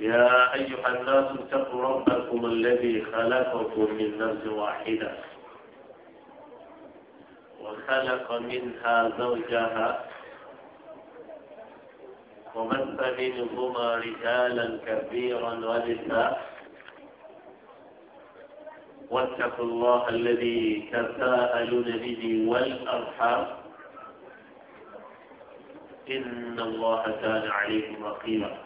يا أيها الناس اتقوا ربكم الذي خلقكم من نفس واحدة وخلق منها زوجها ومث منهما رجالا كثيرا ونساء واتقوا الله الذي تساءلون به والأرحام إن الله كان عليكم رقيبا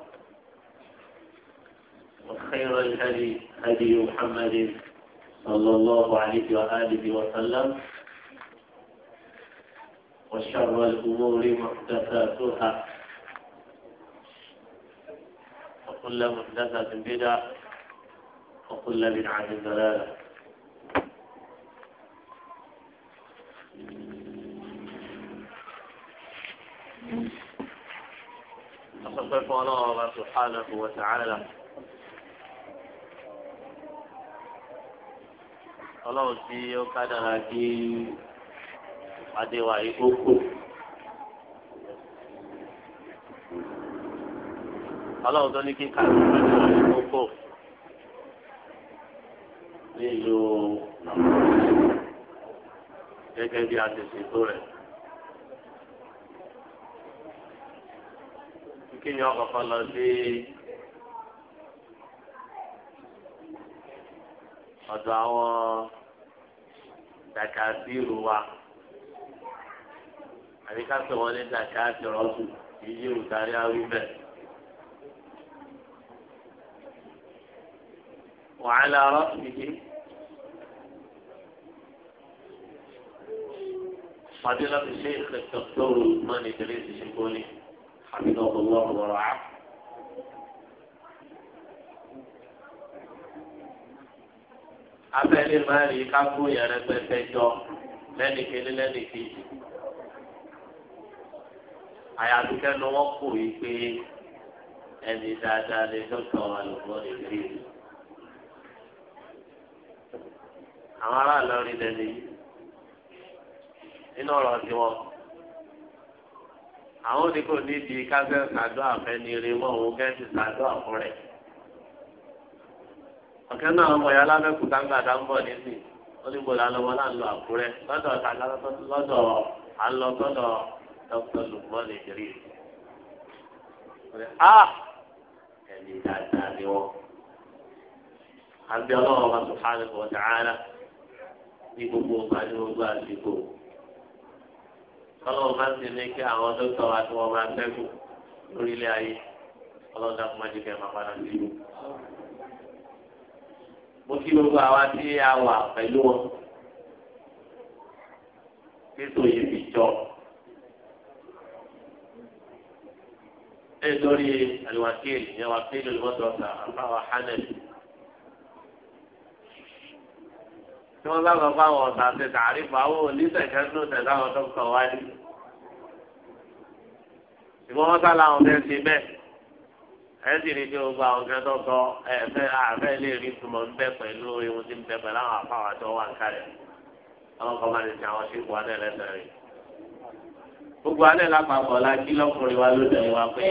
وخير الهدي هدي محمد صلى الله عليه وآله وسلم وشر الأمور محدثاتها وكل محدثة بدعة وكل بدعة ضلالة أخبركم الله سبحانه وتعالى ọlọ́run tí ó kádàrá kí adé wa yìí kó kù. ọlọ́run tó ní kí kádàrá adé wa yìí kó kù. nílùú gẹ́gẹ́ bí a ti ṣètò rẹ̀. kí ni ọkọ̀ kan lọ sí. ọ̀dọ̀ àwọn dàkàbírù wa àbí ká pè wọ́n ní dàkàbírọ̀sù iye òdarí arúgbẹ́. وعلى رأسه فضيلة الشيخ الدكتور عثمان إدريس الشيخوني حفظه الله ورعاه abẹ́lé máa rí kákó yẹrẹ pẹpẹ jọ lẹ́nu kele lẹ́nu kejì. àyàdúkẹ́ ni wọ́n kò yí pé ẹni dáadáa lè dọ́kítọ̀ àlùkò nìkiri. àwọn aráàlú rí lẹ́nu yìí nínú ọ̀rọ̀ tiwọn àwọn òdìkò nídìí káfẹ́ sàdó àfẹnirí wọn òun kẹ́sì sàdó àfọrẹ́ ọ̀kẹ́ náà ọmọ ìyá alábẹ́kù tágbàdá ń bọ̀ nísìn ó ní bọ̀dọ̀ alọ́wọ́ náà lọ àkúrẹ́ lọ́dọ̀ lọ́dọ̀ alọ́tọ́dọ̀ dr lukman ìjírí. a ẹni dáadáa ni wọn. àbí ọlọ́wọ́ bá subhanahu wa ta'ala ní gbogbo àti gbogbo àsìkò. ọlọ́wọ́ bá ti ní kí àwọn dókítà wa tí wọ́n máa ń tẹ́kù lórílẹ̀ ayé ọlọ́dà kọ́mọ́jú kẹ́ máa padà sí i mo kí gbogbo àwa tí a wà pẹ̀lú wọn títò yìí fi jọ nítorí àlùwàkìlì ní wàkìlì olùmọ̀tòọ̀tà àbáwá hanel tí wọ́n bá gbọ́ fáwọn ọ̀tà àti tààrífù àwọn oníṣẹ̀kẹ́sùn tẹ̀sán àwọn tó kọ̀ wáyé ìmọ̀ wọn sá làwọn fẹ́ ṣe bẹ́ẹ̀ ẹ̀sìn tí o gba ọ̀gá tó ẹ̀fẹ́ àfẹ́ lè rí túmọ̀ ń bẹ pẹ̀lú ohun tí ń bẹ pẹ̀lú àwọn afáwọn àti ọwọ́ àǹkárẹ̀ àwọn kan máa lè ti àwọn ṣíkù alẹ́ lẹ́sẹ̀ rẹ̀. gbogbo alẹ́ lápapọ̀ la kí lọ́kùnrin wa ló dẹ̀ wá pé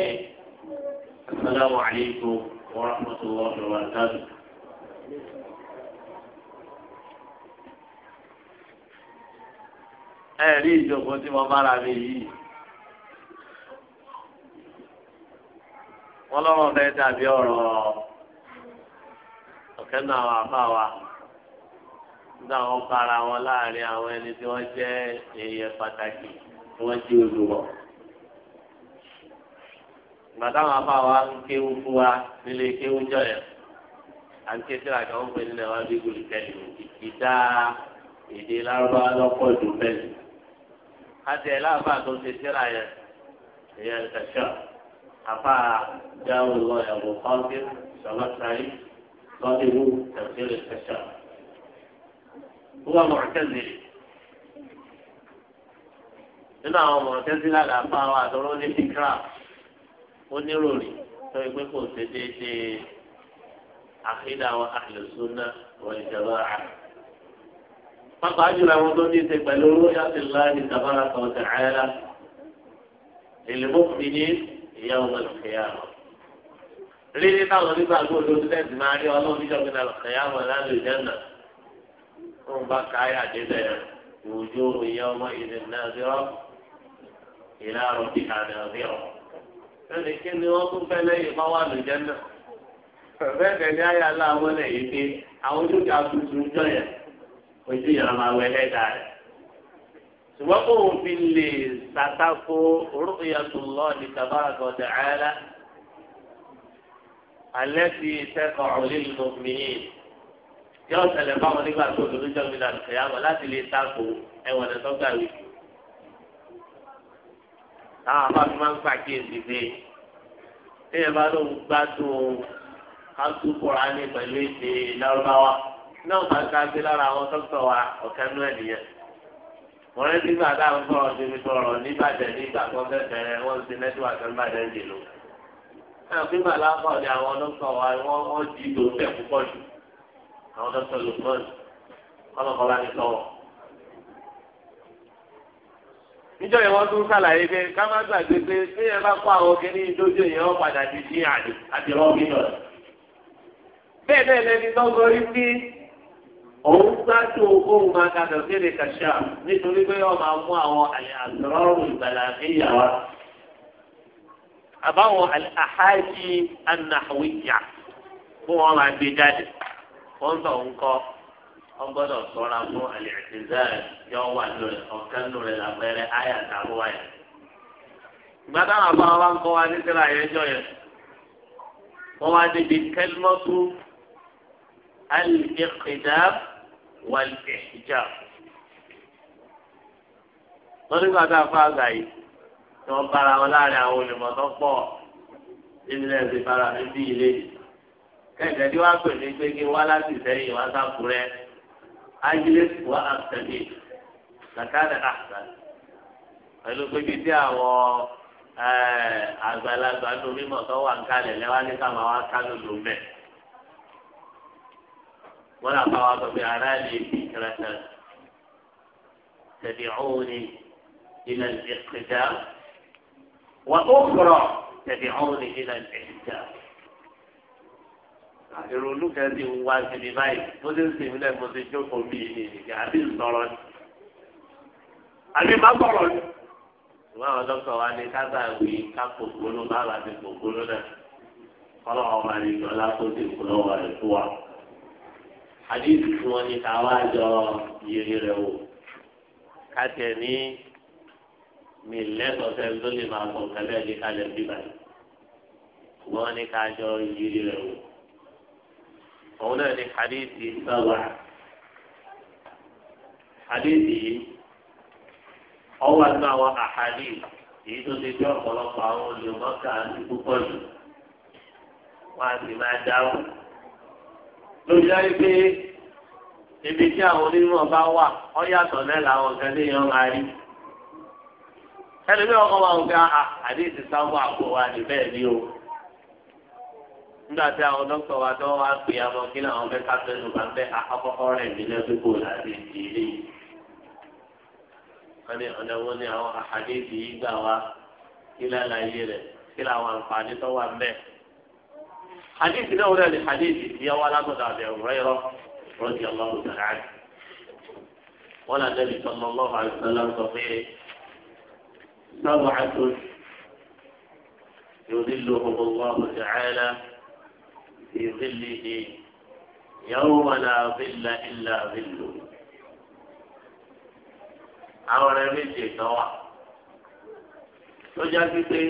asalaamu aleykum wa rahmatullahi wa barakatuh. ẹ̀rí ìjókòó tí mo bára mi yìí. wọn lọ́rọ̀ fẹ́ dàbí ọ̀rọ̀ ọ̀kẹ́ náà wà fà wá nígbà wọn para wọn láàrin àwọn ẹni tí wọ́n jẹ́ èèyàn pàtàkì tí wọ́n jí olùwọ̀ ìgbà táwọn afá wa ń kéwú fún wa nílé kéwú jọyọ à ń ké sí àgbà wọn pè nílẹ̀ wọn bí gòlùkẹ́lì ìdá èdè lárúbáwá lọ́pọ̀ jù bẹ́ẹ̀ ni. a tẹ̀ láàbà tó ṣe síra yẹn ìyẹn kẹsàn-án afa jawo lọ ẹwọ kọfí sọlọtari lọdẹwò tẹsílẹ tẹsẹ wọn mọtẹsílẹ nínú àwọn mọtẹsílẹ làbá wa àtọrọ ní fíkra onírúurú tó ẹgbẹ kò ṣe déédéé àkídà àwọn àlùsùnà wọn ìjọba rà pápá jùlọ àwọn tó ní í ṣe pẹ̀lú olóyàtìláàdì tàbára kan tẹ àyàlá lèlè mọ́kùnrin ní ìyá ọmọ ìfẹyà rẹ lílí táwọn onígbàgbọ́ olóòtú tẹsí máa rí Ọlọ́run níjọ gbẹdà ìfẹyà rẹ lálẹ́ ìjẹnà fún bá káyà débẹ̀ ìwòjú ìyá ọmọ ìdènà zero ìlà rọbì àná zero lónìí kí ni wọn tún fẹ́ lẹ́yìn bá wà lójẹ náà bẹ́ẹ̀ tẹ́lẹ̀ ayé aláwọ lẹ́yìn pé àwọn ojú ti àtúntò ń ojú yàrá máa wẹ lẹdà rẹ ṣùgbọ́n kó o fi lè ṣàtàkó ru'yatullahi tabaraka wa ta'ala allati taqa'u lil mu'minin yóò ṣẹlẹ̀ báwọn nígbà tó lórí jọ́mi náà kẹ̀yàmọ̀ láti lè tako ẹ̀wọ̀n ẹ̀ tó gbà wí. táwọn afáfi máa ń pàkíyèsí pé téèyàn bá lóun gbádùn kátó kóra ní pẹ̀lú èdè lárúbáwá náà máa ń ká gbé lára àwọn dókítà wa ọ̀kẹ́ nú ẹ̀ nìyẹn mo rẹ nígbà táwọn sọ̀rọ̀ síbi sọ̀rọ̀ nígbàdàn nígbà tó fẹ́ bẹ̀rẹ̀ wọ́n ti nẹ́tíwàkì nígbàdàn dì lò. náà fígbà lápá ni àwọn dókítà wa wọ́n wọ́n jí ìdò ń bẹ̀ púpọ̀ jù àwọn dókítà lukman kọ́lọ́kọ́ bá ní sọ̀rọ̀. níjọ́ yẹn wọ́n tún sàlàyé pé ká má gbàgbé pé bí ẹ bá kó àwọn kìíní ìdójú yẹn wọ́n padà ti dín àdì òun gbájú ohun máa ga dọ̀kẹ́ lè kàṣà nítorí pé ó máa mú àwọn àlọ́rùn ìgbàlá níyà wa. àbáwọn àhájì anáhàwíjà fún wọn máa gbé jáde wọn bá òun kọ wọn gbọ́dọ̀ ṣọ́ra fún àlẹ́tìzá yọ wà lórí ọ̀kan lórí làpẹrẹ àyà tààrọ wáyà. nítorí yẹn wá wálé ìjà wọn nígbà tá a fa àgbà yìí tí wọn bára wọn láàrin àwọn olùmọ̀tọ́ pọ̀ ìbílẹ̀ ti bára mi bí ilé kẹ̀kẹ́ tí wọ́n á pè mí pé kí wọ́n láti sẹ́yìn wọ́n á sàkúrẹ́ ájílẹ̀ wọ́n á tẹ̀lé kàkàdà àgbà pẹ̀lú pé bí tí àwọn àgbàlagbà lómi mọ̀tọ́ wà ń kalẹ̀ lẹ́wọ́n ní ká wá ká lólo mẹ́ẹ̀. ولا làbá wa sọ pé إلى lè وأخرى kẹrẹsẹ إلى ọwọni ilẹ ìkẹjà wọn ó kọrọ tẹbi ọwọni ilẹ ìkẹjà ìrònú kan ti ń wá síbi báyìí tó ti ń sèmi lẹ́nu mo ti jókòó bíi ní ìdíje àbí ìsọ̀rọ̀ ni àbí má sọ̀rọ̀ ni. ìwé àwọn dókítà wa ní kábà wí ká kòkòrò bá wà ní kòkòrò náà kọ́lọ́ ọmọ àlejò ọlá tó ti kú lọ́wọ́ rẹ̀ wa àdéhùn tí wọ́n ní ká wá jọ yèrè rẹ̀ wò ká tẹ̀ ní mi lẹ́sọ̀ọ́sẹ́ tó lè máa sọ kẹlẹ́ ní kálẹ̀ bíbá yìí wọ́n ní ká jọ yèrè rẹ̀ wò. òun náà ní hadithi sábà hadithi yìí ọwọ́ àti àwọn àhàdì èyí tó ti jẹ́ ọ̀pọ̀lọpọ̀ àwọn olùmọ̀ọ́kà púpọ̀ jù wọ́n á sì máa dáhùn. lórí ayé pé ibi tí àwọn onímọ̀ bá ọ yàtọ̀ náà làwọn kan lè yan máa rí ẹni bí ọkọ wa ń gba ah, àdéhìí sáwọ àpò wa ní bẹ́ẹ̀ ni o nígbà tí àwọn dókítà wa tó wá pè é àwọn kí làwọn fẹ́ fẹ́ bá ń bẹ́ àkọ́kọ́ rẹ̀ láti ilé yìí حديث له ذلك حديث يا ولا بد أبي هريرة رضي الله تعالى عنه ولا النبي صلى الله عليه وسلم صحيح سبعة يذلهم الله تعالى في ظله يوم لا ظل إلا ظله àwọn méje kan wà tó jáde pé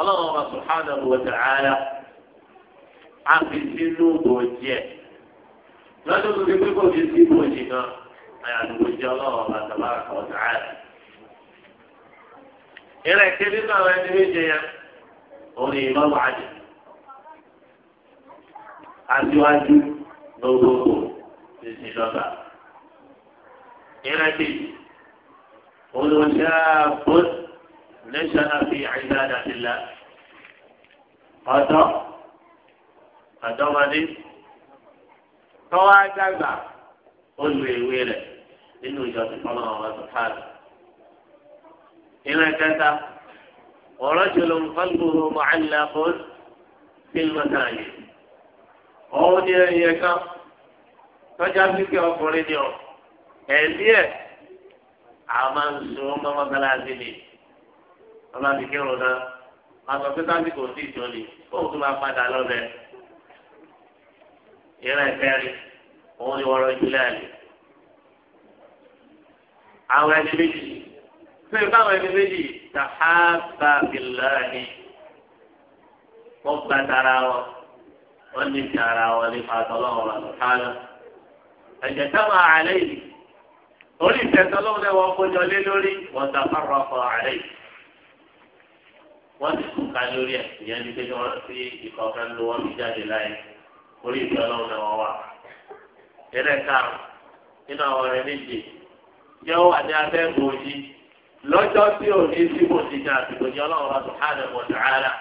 ọlọ́run ọba subhanahu wa ta'ala á fi sínú bòjì ẹ̀ lọ́dún tó ti pé kò fi sí bòjì náà àyàtò bòjì ọlọ́wọ́ bàtàlá ọ̀tá rẹ̀. ìrẹ̀ kí nínú àwọn ẹni méje yẹn òun ni ìmọ̀ wájú aṣíwájú lọ́gbọ́gbọ́ títí lọ́gbà. ìrẹ̀ kejì olùṣà bọ́ọ̀lù lẹ́sàn-án àyíká dàbí la ọ̀dọ́. àdọ́mọdé tọ́wọ́ àgbàgbà ó lu ìwé rẹ̀ nínú ìjọsìn kọ́nà ọ̀rọ̀ sọ̀tàlù. ìrìn kẹta ọ̀rọ̀ jùlọ nǹkanlùmọ̀ mọ̀ọ́lá fún fílmọ̀tà yìí. ọ̀hún ni ẹ̀yẹ kan tọ́jà fífi ọkùnrin ni ọ̀ ẹ̀mí ẹ̀ àmà ń so mọ́mọ́sálásí ni ọlọ́dún kírun náà kò sí ìjọ ni kóòtù máa padà lọ́bẹ̀ẹ́. ìran ìkẹrin òun ni wọ́n rọjú láàyè. àwọn ẹni méjì fún ìfẹ́ àwọn ẹni méjì tàhábà bìláàní wọ́n gba tara wọn wọ́n ní tara wọn ní fatọ́lọ́wọ́ lọ́sọ̀tánà. ẹ̀jẹ̀ táwọn àlẹ́ yìí orí ìtẹ̀sọ́lọ́wọ́ lẹ́wọ̀n kójọ lé lórí wọ́n ta fárọ̀ ọkọ̀ àlẹ́ yìí wọ́n ti kú ká lórí ẹ̀ ìyẹn ní pé wọ́n fi ìkọ̀ọ̀kan ló wọ́n fi jáde láyé. orí ìfẹ́ ọlọ́run náà wọ́n wà. ẹlẹ́ka nínú àwọn ọ̀rẹ́ méje jẹ́ ó wà ní abẹ́ bòjì lọ́jọ́ tí ò ní sí bòjì ní àsìkò ní ọlọ́run bá tó ha mọ̀ sàárà.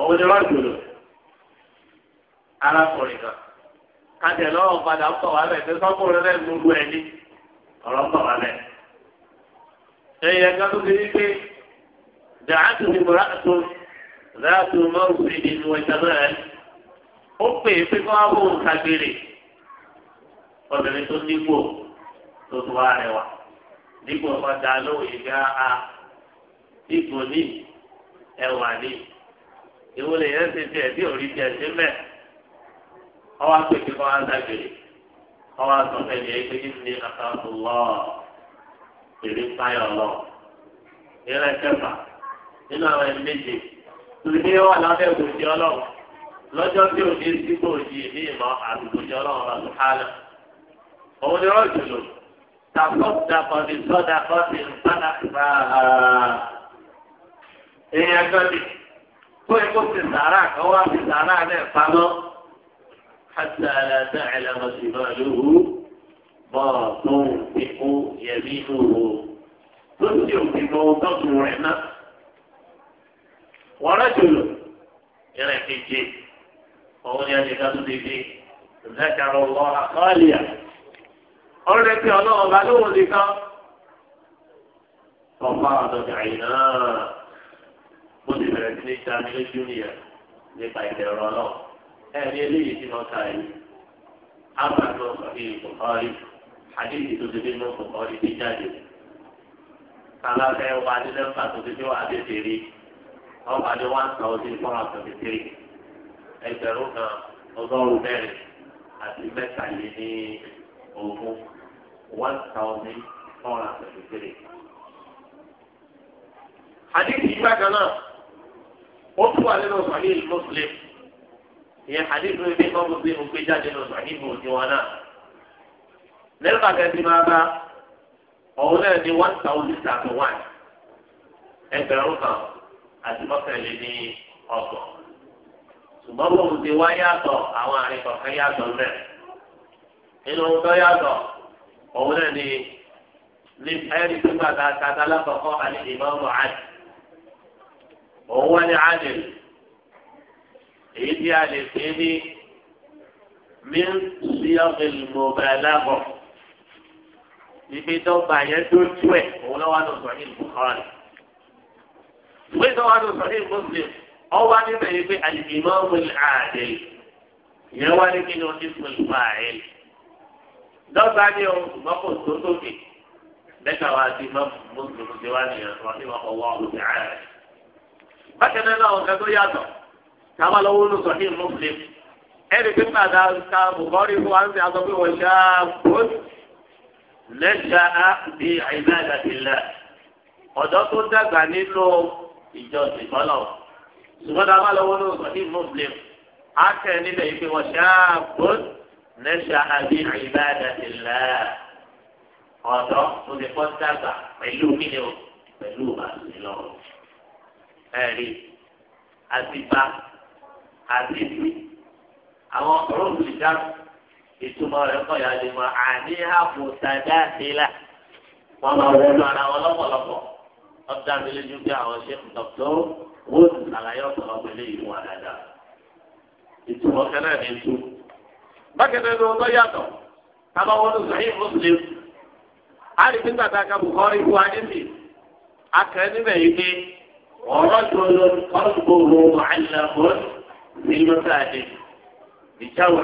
òun ni wọ́n gbòòrò arákùnrin kan kájẹ lọ́wọ́ padà ń bọ̀ bẹ̀ tẹ́ sọ́kùnrin náà ń gbogbo ẹni ọ̀rọ̀ ń bọ̀ bẹ̀. ẹ̀yẹ kan ti ní pé dàá tó ti mọ̀ra tó dàá tó mọ̀ òfin ìdí ìwọ̀n ìtàn náà ó pè é pé kọ́ àwọn òǹkàgbèrè obìnrin tó nígbò tó tó wá rẹwà nígbò ọ̀dà lóhùn ìgbà a ìgbò ní ẹwà ní ìwọ lè yẹn ṣe tiẹ̀ bí òrí tiẹ̀ ṣe mẹ́ ọwọ́ pè é pé ni lọ ìrẹsẹ̀ fà nínú àwọn méje wà lábẹ́ lọ́jọ́ tí o ní sígbó òjì ní ìmọ̀ àtùkùjọ ọlọ́run bá tó hálà. òun ni rọ́ọ̀jù lò tàkọ́tàkọ́ ní sọ́dàkọ́ ní pátákìtà. èèyàn kan ní tó ikú ti sàárà kan wá ti sàárà náà pamọ́. حتى لا تعلم شماله باطن فقه يمينه تسجد بموضة رحمة ورجل يرى في الجيش òun ni ẹni ká tó lè fi ìdákàrọ̀ lọ àkọọ́lìyà. ọ̀rọ̀ rẹ̀ pé ọlọ́run bá lóhùn nìkan. ọ̀pá ọ̀dọ̀dọ̀ àyìnà bó ti bẹ̀rẹ̀ sí ní sáré lójú nìyẹn nípa ìbẹ̀rọ̀ náà. ẹ̀rí eléyìí tí wọ́n ka yìí. ábàdàn ọ̀sán bíi ìkọ̀kọ́rí àdéhìí tó ti dé ní ìkọ̀kọ́rí ti jáde. alábẹ́ wa nílẹ̀ pàtó ti dé wà á dé tèrè. ọ ẹgbẹ̀rún kan ọgọ́rùn mẹ́rin àti mẹ́tàléní ogún one thousand four hundred and thirty three. hadithi yìí bákan náà ó tún wà nínú sahih muslim ìyẹn hadithi yìí bí wọ́n fi gbé jáde nínú sahih muslim wọn náà nígbà kẹ́sì máa bá ọ̀hún náà ní one thousand thirty one ẹgbẹ̀rún kan àti mọ́tàléní ọgbọ̀n ṣùgbọ́n bó ti wá yàtọ̀ àwọn àrùn kọ̀ọ̀kan yàtọ̀ mẹ́. nínú ohun tó yàtọ̀ òun náà ni ní ẹni tó gbà ká ká ká lákọ̀ọ́kọ́ àti ìmọ̀ọ́mọ̀ àdì. òun wá ní àdì èyí tí a lè pè ní min síyọ́fìl ibi tó gbà yẹn tó tú ẹ̀ òun lọ́wọ́ àdùn sọ̀hìn bùkọ́rì. ìwé tó wà àdùn sọ̀hìn bùkọ́rì ọwọ́ wá níbẹ̀ yìí pé al-imamu al-adil ìyẹn wá ní kí ni wọ́n ti fún ìfọ̀ àyẹ̀lì. dọ́gba ni o ṣùgbọ́n kò tó tóbi lẹ́ka wa ti mọ́ mùsùlùmí ti wá nìyẹn wọ́n ti wọ́n ọwọ́ òkè ààrẹ. bákan náà àwọn kan tó yàtọ̀ táwọn lọ́wọ́ ló sọ ní mùsùlùmí. ẹnì pé padà ta bùkọ́rí fún wa ń ṣe aṣọ pé wọ́n ṣá bóyú. lẹ́ka á di àìbá àdàtì ọ̀dọ́ tó dàgbà nínú ìjọ ìfọ́lọ́wọ́ ṣùgbọ́n tá a bá lọ wọ́n lóòótọ́ ní muslim á kẹ́ níbẹ̀ yìí pé wọ́n ṣáàbò nẹ́ṣà àbí ìbádàtìlá ọ̀dọ́ tó ti fọ́ dàgbà pẹ̀lú kíni o pẹ̀lú àṣìlọ ẹ̀rí àtibá àtibí àwọn ọ̀rọ̀ òṣìṣẹ́ ìtumọ̀ rẹ̀ kọ́ ya lè mọ àníhàpò sàdáàtìlá wọn máa wọ́n lọ ara wọn lọ́pọ̀lọpọ̀ bí àwọn ṣe dọ̀tọ́. wọ́n àlàyé ọ̀pọ̀lọpọ̀ eléyìí fún wa ìtumọ̀ kẹlẹ́ mi tú. bákẹ́tẹ́ ló ń lọ́yàtọ̀ tábàwọ́n ló sọ Muslim. a lè fi gbàgbà fún wa níbi. níbẹ̀ yìí pé ọ̀rọ̀ tó lọ kọ́ńgbòrò àlàbọ̀n ní mọ́tàdé. ìjáwé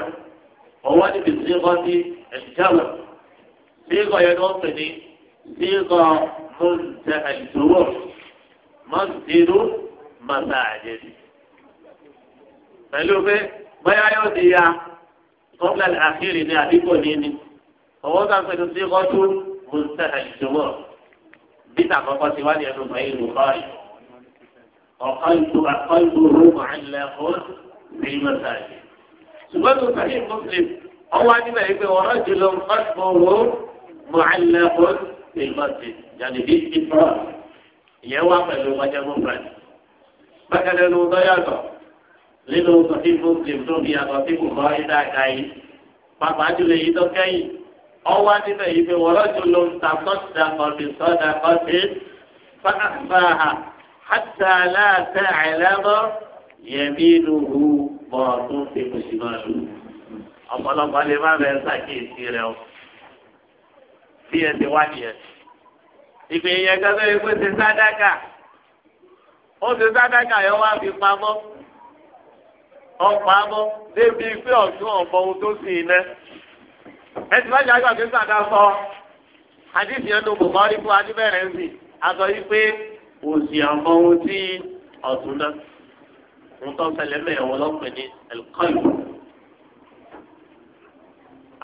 ọwọ́ níbi sígọ́ sí ìjáwé. sígọ́ yẹn ló ń pè ní sígọ́ mọ́tàdé mọ́tà àjẹsí. pẹ̀lú pé bóyá yóò di ya kọ́ńtà àkírí ní àdínkù níní ọwọ́ kan pẹ̀lú sí ọtú mọ́tà ìṣòwò bíta kọ́kọ́ ti wá ní ẹnu mọ́ ìlú kọ́ọ̀rì. ọ̀kan ìlú ọ̀kan ìlú rúmọ̀ ilẹ̀ fún ní mọ́tà àjẹsí. ṣùgbọ́n tó sàkí muslim ọwọ́ adìmẹ̀ yìí pé ọ̀rọ̀ jùlọ mọ́tò ìmọ̀tì yàtì bí ìfọ̀ ìyẹn wá pẹ̀lú ọjọ́ mọ́tò bákẹ́lẹ́ ló tọ́ yàtọ̀ nínú sọ̀tí muslim tó fi yàtọ̀ sí kùkọ́ ìdá ẹ̀ka yìí pàpà jùlọ èyí tó kẹ́yìn ọwọ́ níbẹ̀ yìí pé wọ́rọ́ jùlọ ń ta sọ́dà kọ́sì sọ́dà kọ́sì fáfáhà hàtà láàtà àìlẹ́mọ́ yẹ̀mí nùhù bọ̀ tó fi kùsì máa lù. ọ̀pọ̀lọpọ̀ lè má bẹ̀rẹ̀ sàkíyèsí rẹ̀ o bí ẹ ti wá nìyẹn. ìpè yẹn gẹ́gẹ́ bí pé ti ó ti sádàkà yẹn wá fi pamọ́ ọ̀pamọ́ débi pé ọ̀tún ọ̀pọ̀ ohun tó sì iná. ẹ ti wájú àgbà pé sàdá sọ àdìsí ẹnu bùkọ́rí fún adébẹ̀rẹ̀ ń sì àtọ̀ yìí pé òsì ọ̀pọ̀ ohun tí ọ̀tún náà ń tọ́ ṣẹlẹ̀ mẹ́rin wọn lọ́pẹ̀ ní ẹ̀kọ́lù.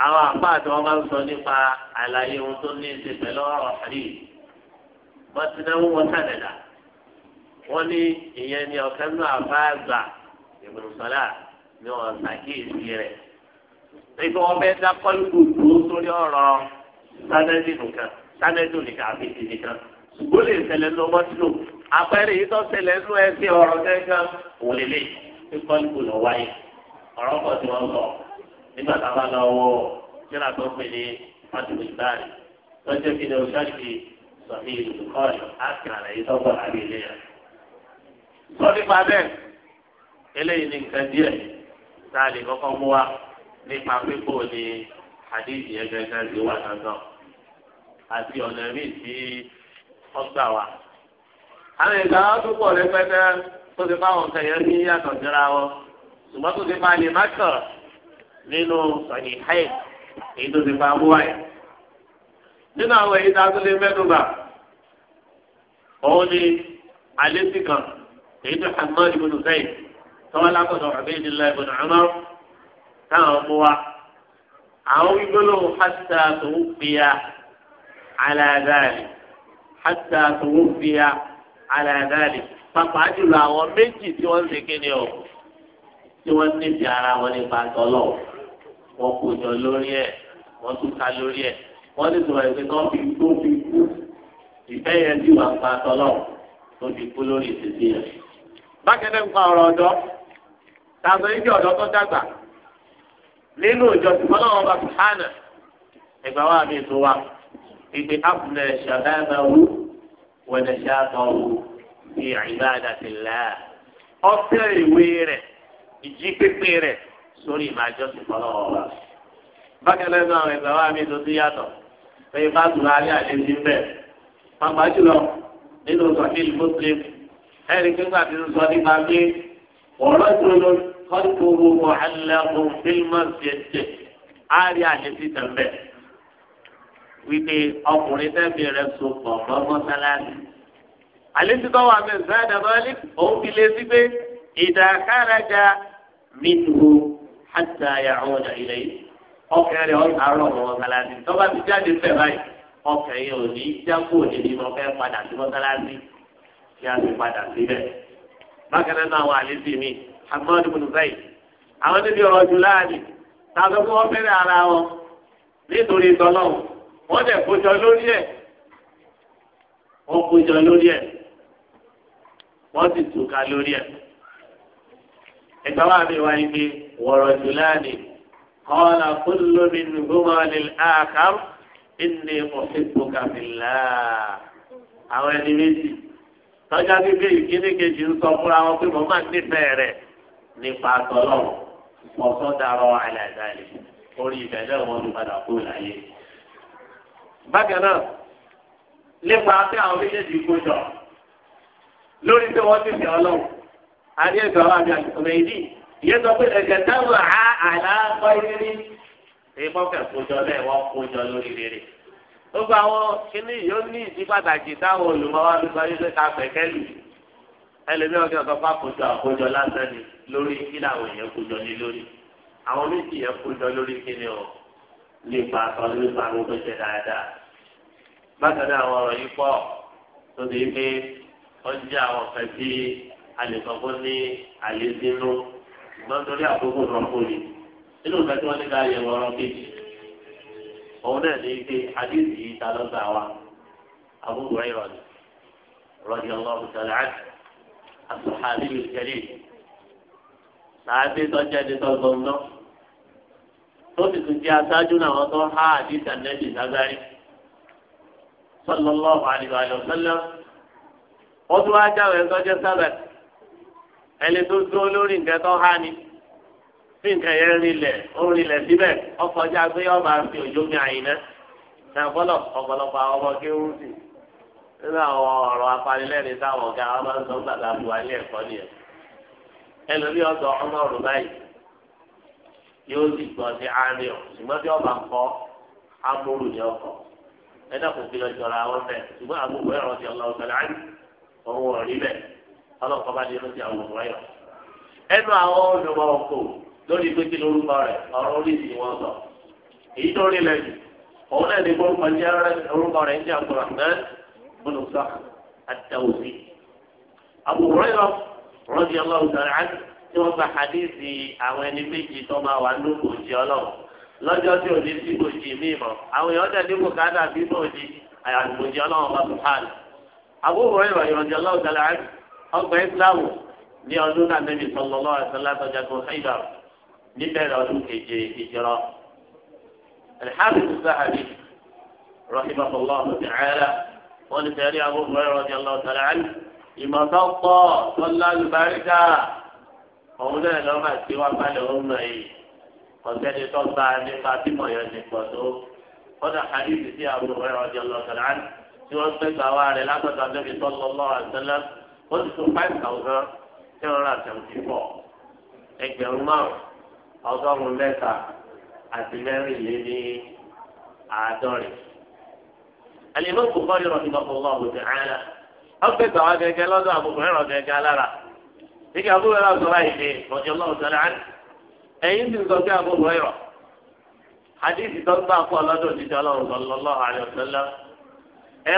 àwọn àpá àti wọn máa ń sọ nípa àlàyé ohun tó ní ìṣe pẹ̀lú ọ̀rọ̀ àríyìn bọ́sínáwó wọn sàdẹ̀dà wọ́n ní ìyẹn ní ọ̀kẹ́ nínú àbáàgbà ìmùsọ̀lá ni wọ́n ṣàkíyèsí rẹ̀ nígbà wọn bẹ dá kọ́lùkù dúró sórí ọ̀rọ̀ sánẹ́dì nìkan sánẹ́dì nìkan àbí ti nìkan ṣùgbọ́n lè ṣẹlẹ̀ ní ọmọ sínú àpẹẹrẹ yìí tó ṣẹlẹ̀ nínú ẹsẹ̀ ọ̀rọ̀ gẹ́gẹ́ òlélẹ̀ ní kọ́lùkù lọ wáyé ọ̀rọ̀ kan tí wọ́n sọ nígbà táwa lọ wọ kí sọ nípa bẹ́ẹ̀ eléyìí ní nǹkan díẹ̀ tá a lè kọ́kọ́ mú wa nípa pípò ní àdéhìí ẹgbẹgbẹ ti wà dandan àti ọ̀nà míì tí ọgbà wa. àwọn ìgbà wọn tó pọ̀ rẹpẹtẹ tó ti bá wọn kẹyẹ ní yàtọ̀ síra wọn ṣùgbọ́n tó ti bá lè má kàn nínú sọ̀yìn háì èyí tó ti bá mú wáyé. nínú àwọn èyí tá a tún lè mẹ́nu bà òun ni àlésì kan èyí tó Hammad ibn Zayd tọ́wọ́ lápọ̀dọ̀ Ubaydillah ibn Umar táwọn mú wa àwọn gbólóhùn hatta tuwuffiya ala dhalik hatta tuwuffiya ala dhalik pàpà jùlọ àwọn méjì tí wọ́n ń ṣe kéde o tí wọ́n ní ti ara wọn nípa tọ́lọ̀ wọn kò jọ lórí ẹ̀ wọ́n tún ká lórí ẹ̀ wọ́n ní tòun ẹ̀sìn kan fi kú fi kú ìfẹ́ yẹn ti wà pa tọ́lọ̀ tó fi kú lórí ìṣèṣin yẹn. bákẹ́lẹ́ ń pa ọ̀rọ̀ ọ̀dọ́ tààtọ̀ yìí jẹ́ ọ̀dọ́ tó dàgbà nínú ìjọsìn ọlọ́run bá fi ẹgbẹ́ wa mi tó wa ìgbé àpùnà ṣàbẹ́bẹ́wò wọlé ṣàtọ̀wò fi ìbáàdà ti là ọ̀pẹ̀ ìwé rẹ̀ ìjí rẹ̀ sórí bá. bákẹ́lẹ́ náà ẹgbẹ́ wa mi tó ti yàtọ̀ pé alẹ́ àlejò ẹ̀rí gbígbà tí ń sọ nípa pé ọ̀rọ̀ tó lọ kọ́ńtò gbogbo àlẹ́kùn fílmọ̀ ṣẹ̀ṣẹ̀ á rí àyẹ̀sí tẹ̀lẹ̀ wípé ọkùnrin tẹ́bi rẹ̀ so pọ̀ mọ́ mọ́sálásí. àlejò tó wà mẹ́sàn án òun fi lé sí pé ìdàkáraja mìtúhù hàtà yàrá ọ̀dà ilẹ̀ yìí ọkùnrin rẹ̀ ọ̀dà àárọ̀ mọ́ mọ́sálásí ti jáde fẹ̀ báyìí ọkùnrin yìí ò ní jákòó kí a ti padà síbẹ̀. bákan náà àwọn àlejò mi Ahmad ibn Zayd àwọn níbi ọ̀rọ̀ jù láàrin tàbí kí wọ́n fẹ́rẹ̀ ara wọn nítorí tọ́lọ́wọ́ wọ́n dẹ̀ kójọ lórí ẹ̀ wọ́n kójọ lórí ẹ̀ wọ́n sì tùkà lórí ẹ̀. ẹ̀gbọ́n wa mi wáyé pé wọ̀rọ̀ jù láàrin kúlómi nìgbọ́mọ́ àkàrọ̀ ìní ọ̀fẹ́ tó kàmìlá àwọn ẹni méjì tọ́jà níbi ìkíní kejì ń sọ fúnra wọn pé mo máa ń nífẹ̀ẹ́ rẹ̀ nípa tọ́lọ̀ ọ̀sán darọ̀ àìláìdáìlì orí ibẹ̀ náà wọ́n ti padà kú láyé. bákan náà nípa pé àwọn méjèèjì kó jọ lórí pé wọ́n ti fi ọlọ́run adé ẹ̀dọ́ àbí àtìkọ́mẹ́ ìdí ìyẹn sọ pé ẹ̀jẹ̀ táwọn àá àlá kọ́ ìrírí èyí kó jọ bẹ́ẹ̀ wọ́n kó jọ lórí rere gbogbo àwọn kíní yóò ní ìdí pàtàkì táwọn olùmọ̀wá ló sọ yíṣẹ́ ká pẹ̀kẹ́ lù ẹlẹ́mìí ọ̀gá ọ̀gá pàkójọ àkójọ lásán ni lórí kí làwọn èèyàn kójọ ní lórí àwọn méjì yẹn kójọ lórí kíní o nípa àtọ́lé nípa àwọn tó ṣe dáadáa bákan náà àwọn ọ̀rọ̀ yìí pọ̀ tó ti pé ọjà àwọn kan tí a lè sọ fún ní àlè sínú torí àkókò rọ́pò òun náà lè gbé hadith yìí ta lọ́gbà wa Abu Hurairah radiyallahu ta'ala anhu as-sahabi al-jalil sàábí tọ́jà ní tọ́gbọ̀n náà tó ti tún jẹ́ aṣáájú náà wọ́n tó há hadith Ànábì lágbárí sallallahu alayhi wa sallam wọ́n tún wá jáwé tọ́jà sábẹ̀ ẹni tó dúró lórí nǹkan tó há ni. tí nǹkan yẹn rinlẹ̀ ó rinlẹ̀ síbẹ̀ ọkọjá pé yọ fi òjò mi àyìnà náà bọ́lọ̀ ọ̀pọ̀lọpọ̀ àwọn ọmọ kéwú sí nínú àwọn ọ̀rọ̀ apanilẹ́rìn táwọn ọ̀gá ń sọ gbàgbà ẹ̀kọ́ ọ̀dọ̀ báyìí yóò sì gbọ́ sí àárín ọ̀ ṣùgbọ́n bí ọba kọ́ amúrù ni ọkọ̀ ẹ̀dá kò fi lọ́jọ́ ra wọn ṣùgbọ́n ẹ̀rọ lórí pé kí lórúkọ rẹ̀ ọ̀rọ̀ oríṣi wọn sọ èyí tó rí lẹ́yìn òun náà ní orúkọ jẹ́ orúkọ rẹ̀ ń jẹ́ àkùrọ̀ mẹ́ bùnùsà àtàwùsí. Abu Hurairah radiyallahu ta'ala anhu tí wọ́n gba hadithi àwọn ẹni méjì tó máa wà ní òjì ọlọ́run lọ́jọ́ tí ò ní sí òjì mí mọ́ àwọn èèyàn tẹ̀lé kò káàdà sí òjì àyàgbòjì ọlọ́run bá sùhàn. Abu Hurairah radiyallahu ta'ala anhu ọgbà ìsìlámù ní ọdún náà níbẹ̀rẹ̀ ọdún keje ìjọra alḥafiz zahabi rahimahullah ta'ala wọn ní sẹ́rí abu hurairah radiyallahu ta'ala anhu ìmọ̀tọ́ pọ̀ tọ́lá lùbáríkà òun náà lọ́ máa ti wá balẹ̀ òun náà yìí ọ̀sẹ́ni tó gba nípa bímọ yẹn ti pọ̀ tó kọ́dà hadithi sí abu hurairah radiyallahu ta'ala anhu tí wọ́n fẹ́ gbà wá rẹ̀ látọ̀dọ̀ ànábì sallallahu alaihi wasallam ó ti tó five thousand seven hundred and seventy four ẹgbẹ̀rún márùn-ún ọgọ́rùn-ún mẹ́ta àti mẹ́rin lé ní àádọ́rin. àlìmọ́ kòkòrò yọrọ ní bàbá ọmọ àbùdá ààlà ọgbẹ́ gbà wá gẹ́gẹ́ lọ́dọ̀ àbùkù rẹ̀ rọ̀ gẹ́gẹ́ alára. ìgbà àbúrò rẹ̀ sọ láì ṣe rọ̀jò lọ́wọ́ sọ̀rọ̀ àná. ẹ̀yin ti sọ pé àbúrò rẹ̀ rọ̀. àdìsí tó ń gbà pọ̀ lọ́dọ̀ òṣìṣẹ́ ọlọ́run sallallahu alaihi wasallam. ẹ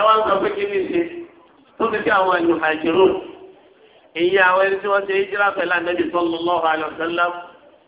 wá ń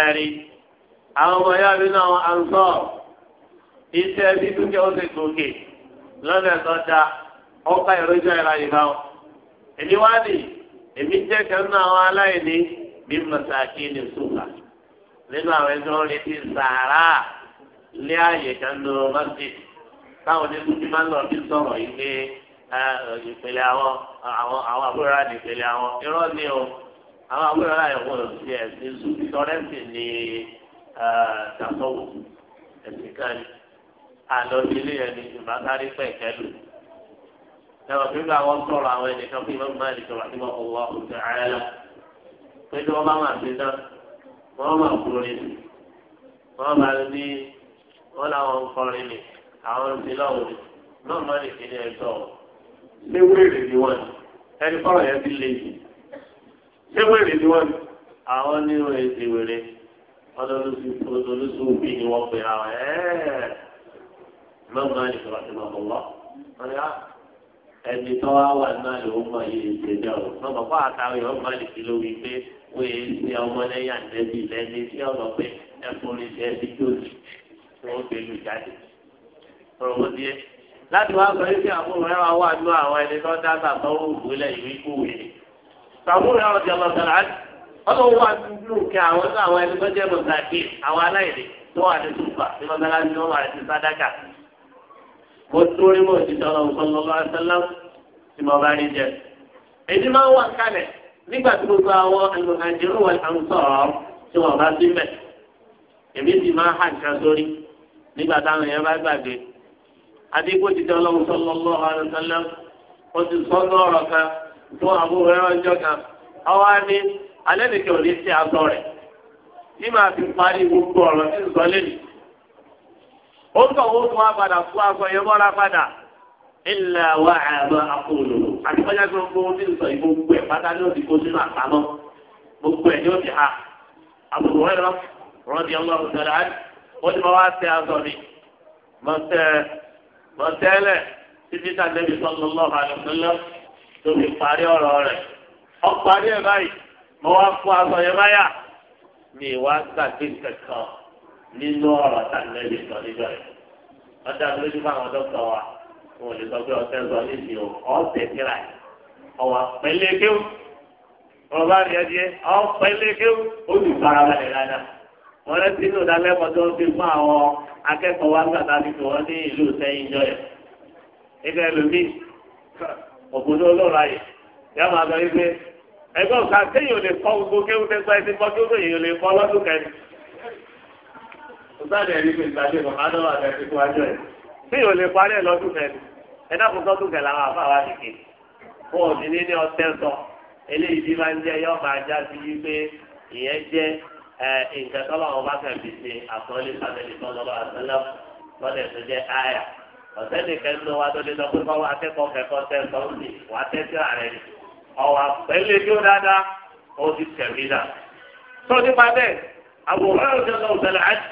ẹ̀rí àwọn ọmọ yá mi náà à ń sọ iṣẹ́ bí dúkìá ó ti gòkè lọ́nà ẹ̀sọ́ da ọkà ìrójú ẹ̀rọ ìbá wọn. èmi wá nì èmi jẹ́ kẹ́nu àwọn aláìní bí mọ̀sáàkì ní sùkà nínú àwọn ẹni tó ń retí sàárà lé àyè kẹ́nu mọ́sí táwọn onídùúgbò máa ń lọ bí sọ̀rọ̀ yìí ní ìpele àwọn àwọn àbúrò àdìpele àwọn irọ́ ni o àwọn agbóyọ̀ láyé wọ́n lọ sí ẹ̀sìn zùbí tọ́lẹ́sì ní tàṣọ́wò ẹ̀sìn kan àlọ́ ilé yẹn ní ìbátàrí pẹ̀kẹ́lù lẹ́wọ̀n pé bá wọn sọ̀rọ̀ àwọn ẹnìkan fún ìmọ̀ máa nìkan wà nígbà owó ọ̀sẹ̀ ààrẹ lọ pé tí wọ́n bá máa fi dán wọ́n máa kúrò ní wọ́n máa ní wọ́n làwọn ń kọrin ní àwọn ń lọ́wọ́ ní náà máa nìkan ní ẹ̀sọ́ ṣé wéèrè ṣé wèrè ni wọ́n àwọn ní èdè wèrè ọlọ́lùsùn bí ni wọ́n pe àwọn ẹ̀ẹ́ lọ́gbà ní ìṣòro àti mọ̀mọ́lá. wọ́n ní ah, ẹni tó wá wà náà ló mọ iye ìṣẹ̀lẹ̀ ọ̀rọ̀ lọ́mọ fún àtàwọn èèyàn máa lè fi lórí pé wọ́n yé ní ọmọ lẹ́yìn àtẹ́bí lẹ́ni tí ọ̀nà pé ẹkùnrin ṣe ẹbí tó jù tí wọ́n gbé lù jáde. ọ̀rọ̀ wọn díẹ̀ láti wá sọ pé àwọn ọ̀rẹ́ wa wà ní àwọn ẹni tó dábàá tó ń wù sàmúlò àwọn ọ̀dì ọlọ́dọ̀ láti ọlọ́wọ́ wà dúró kí àwọn tó àwọn ẹni tó jẹ́ mọ̀tàkì àwọn aláìní tó wà ní tùfà ní mọ́tàlájú wọn wà ní sádàkà. mo torí mọ̀ òṣìṣẹ́ ọlọ́run kan lọ́wọ́ asálám tí mo bá rí jẹ. èyí máa ń wà nígbà tí gbogbo àwọn àjẹrò wà ń sọ̀rọ̀ tí wọ́n bá sí mẹ́. èmi sì máa nígbà táwọn èèyàn bá tó àbúrò rẹ ọjọ́ kan ọwọ́ á ní alẹ́ nìkan ò ní sí aṣọ rẹ̀ ní máa fi parí gbogbo ọ̀rọ̀ tí ń sọ lẹ́nu. ó ń tọ̀ wọ́n tún wá padà fún aṣọ yẹn mọ́ra padà ilẹ̀ wa àbọ̀ àkóòlò àti kọjá tó ń gbọ́ tí ń yìí gbogbo ẹ̀ pátá ní òsì kó sínú àpamọ́ gbogbo ẹ̀ ní òsì ha àbúrò rẹ lọ rọ́ọ̀dì ọlọ́run tẹ̀lé ó ní wọ́n tó fi parí ọ̀rọ̀ rẹ̀ ọparí ẹ̀ báyìí mo wá fún aṣọ yẹn báyà mi wá gbàgbé kankan nínú ọ̀rọ̀ tàbí sọ nígbà yẹn ọjà lójú fún àwọn wa wọn ò lè sọ pé ọtẹ sọ níbi o ọtẹ kíra yìí ọwọ́ pẹ̀lẹ́kẹ́wò wọn bá rí ẹdí ẹ ọ pẹ̀lẹ́kẹ́wò ó sì fara balẹ̀ dáadáa wọn lè sínú ìdálẹ́kọ̀ọ́ tó ń fi fún àwọn akẹ́kọ̀ọ́ wa gbàgbá fi wọn ní ìlú sẹ́yìn jọ yẹn òbòdó ọlọ́run ayè yá máa lọ wípé ẹgbẹ́ òkà kéèyàn lè kọ́ gbogbo kéwù tẹ́gbẹ́ ẹni kọ́ kéwù èèyàn lè kọ́ lọ́dún kẹrin. ọ̀sán ẹ̀rí pé ìgbàdé mọ̀kánná wà lẹ́yìn fífún ajọ́ ẹ̀. kéèyàn lè parí ẹ̀ lọ́dún kẹrin ẹ dákun sọ́dún kẹrin àwọn àfa wa nìke. fún òní ní ní ọtẹ sọ eléyìí bí máa ọ̀sẹ̀ nìkan wa tó lé lọ pé báwa akẹ́kọ̀ọ́ kẹ́kọ̀ọ́ tẹ́tí ààrẹ ni ọ̀wà dáadáa ó ti sọ nípa bẹ́ẹ̀ àti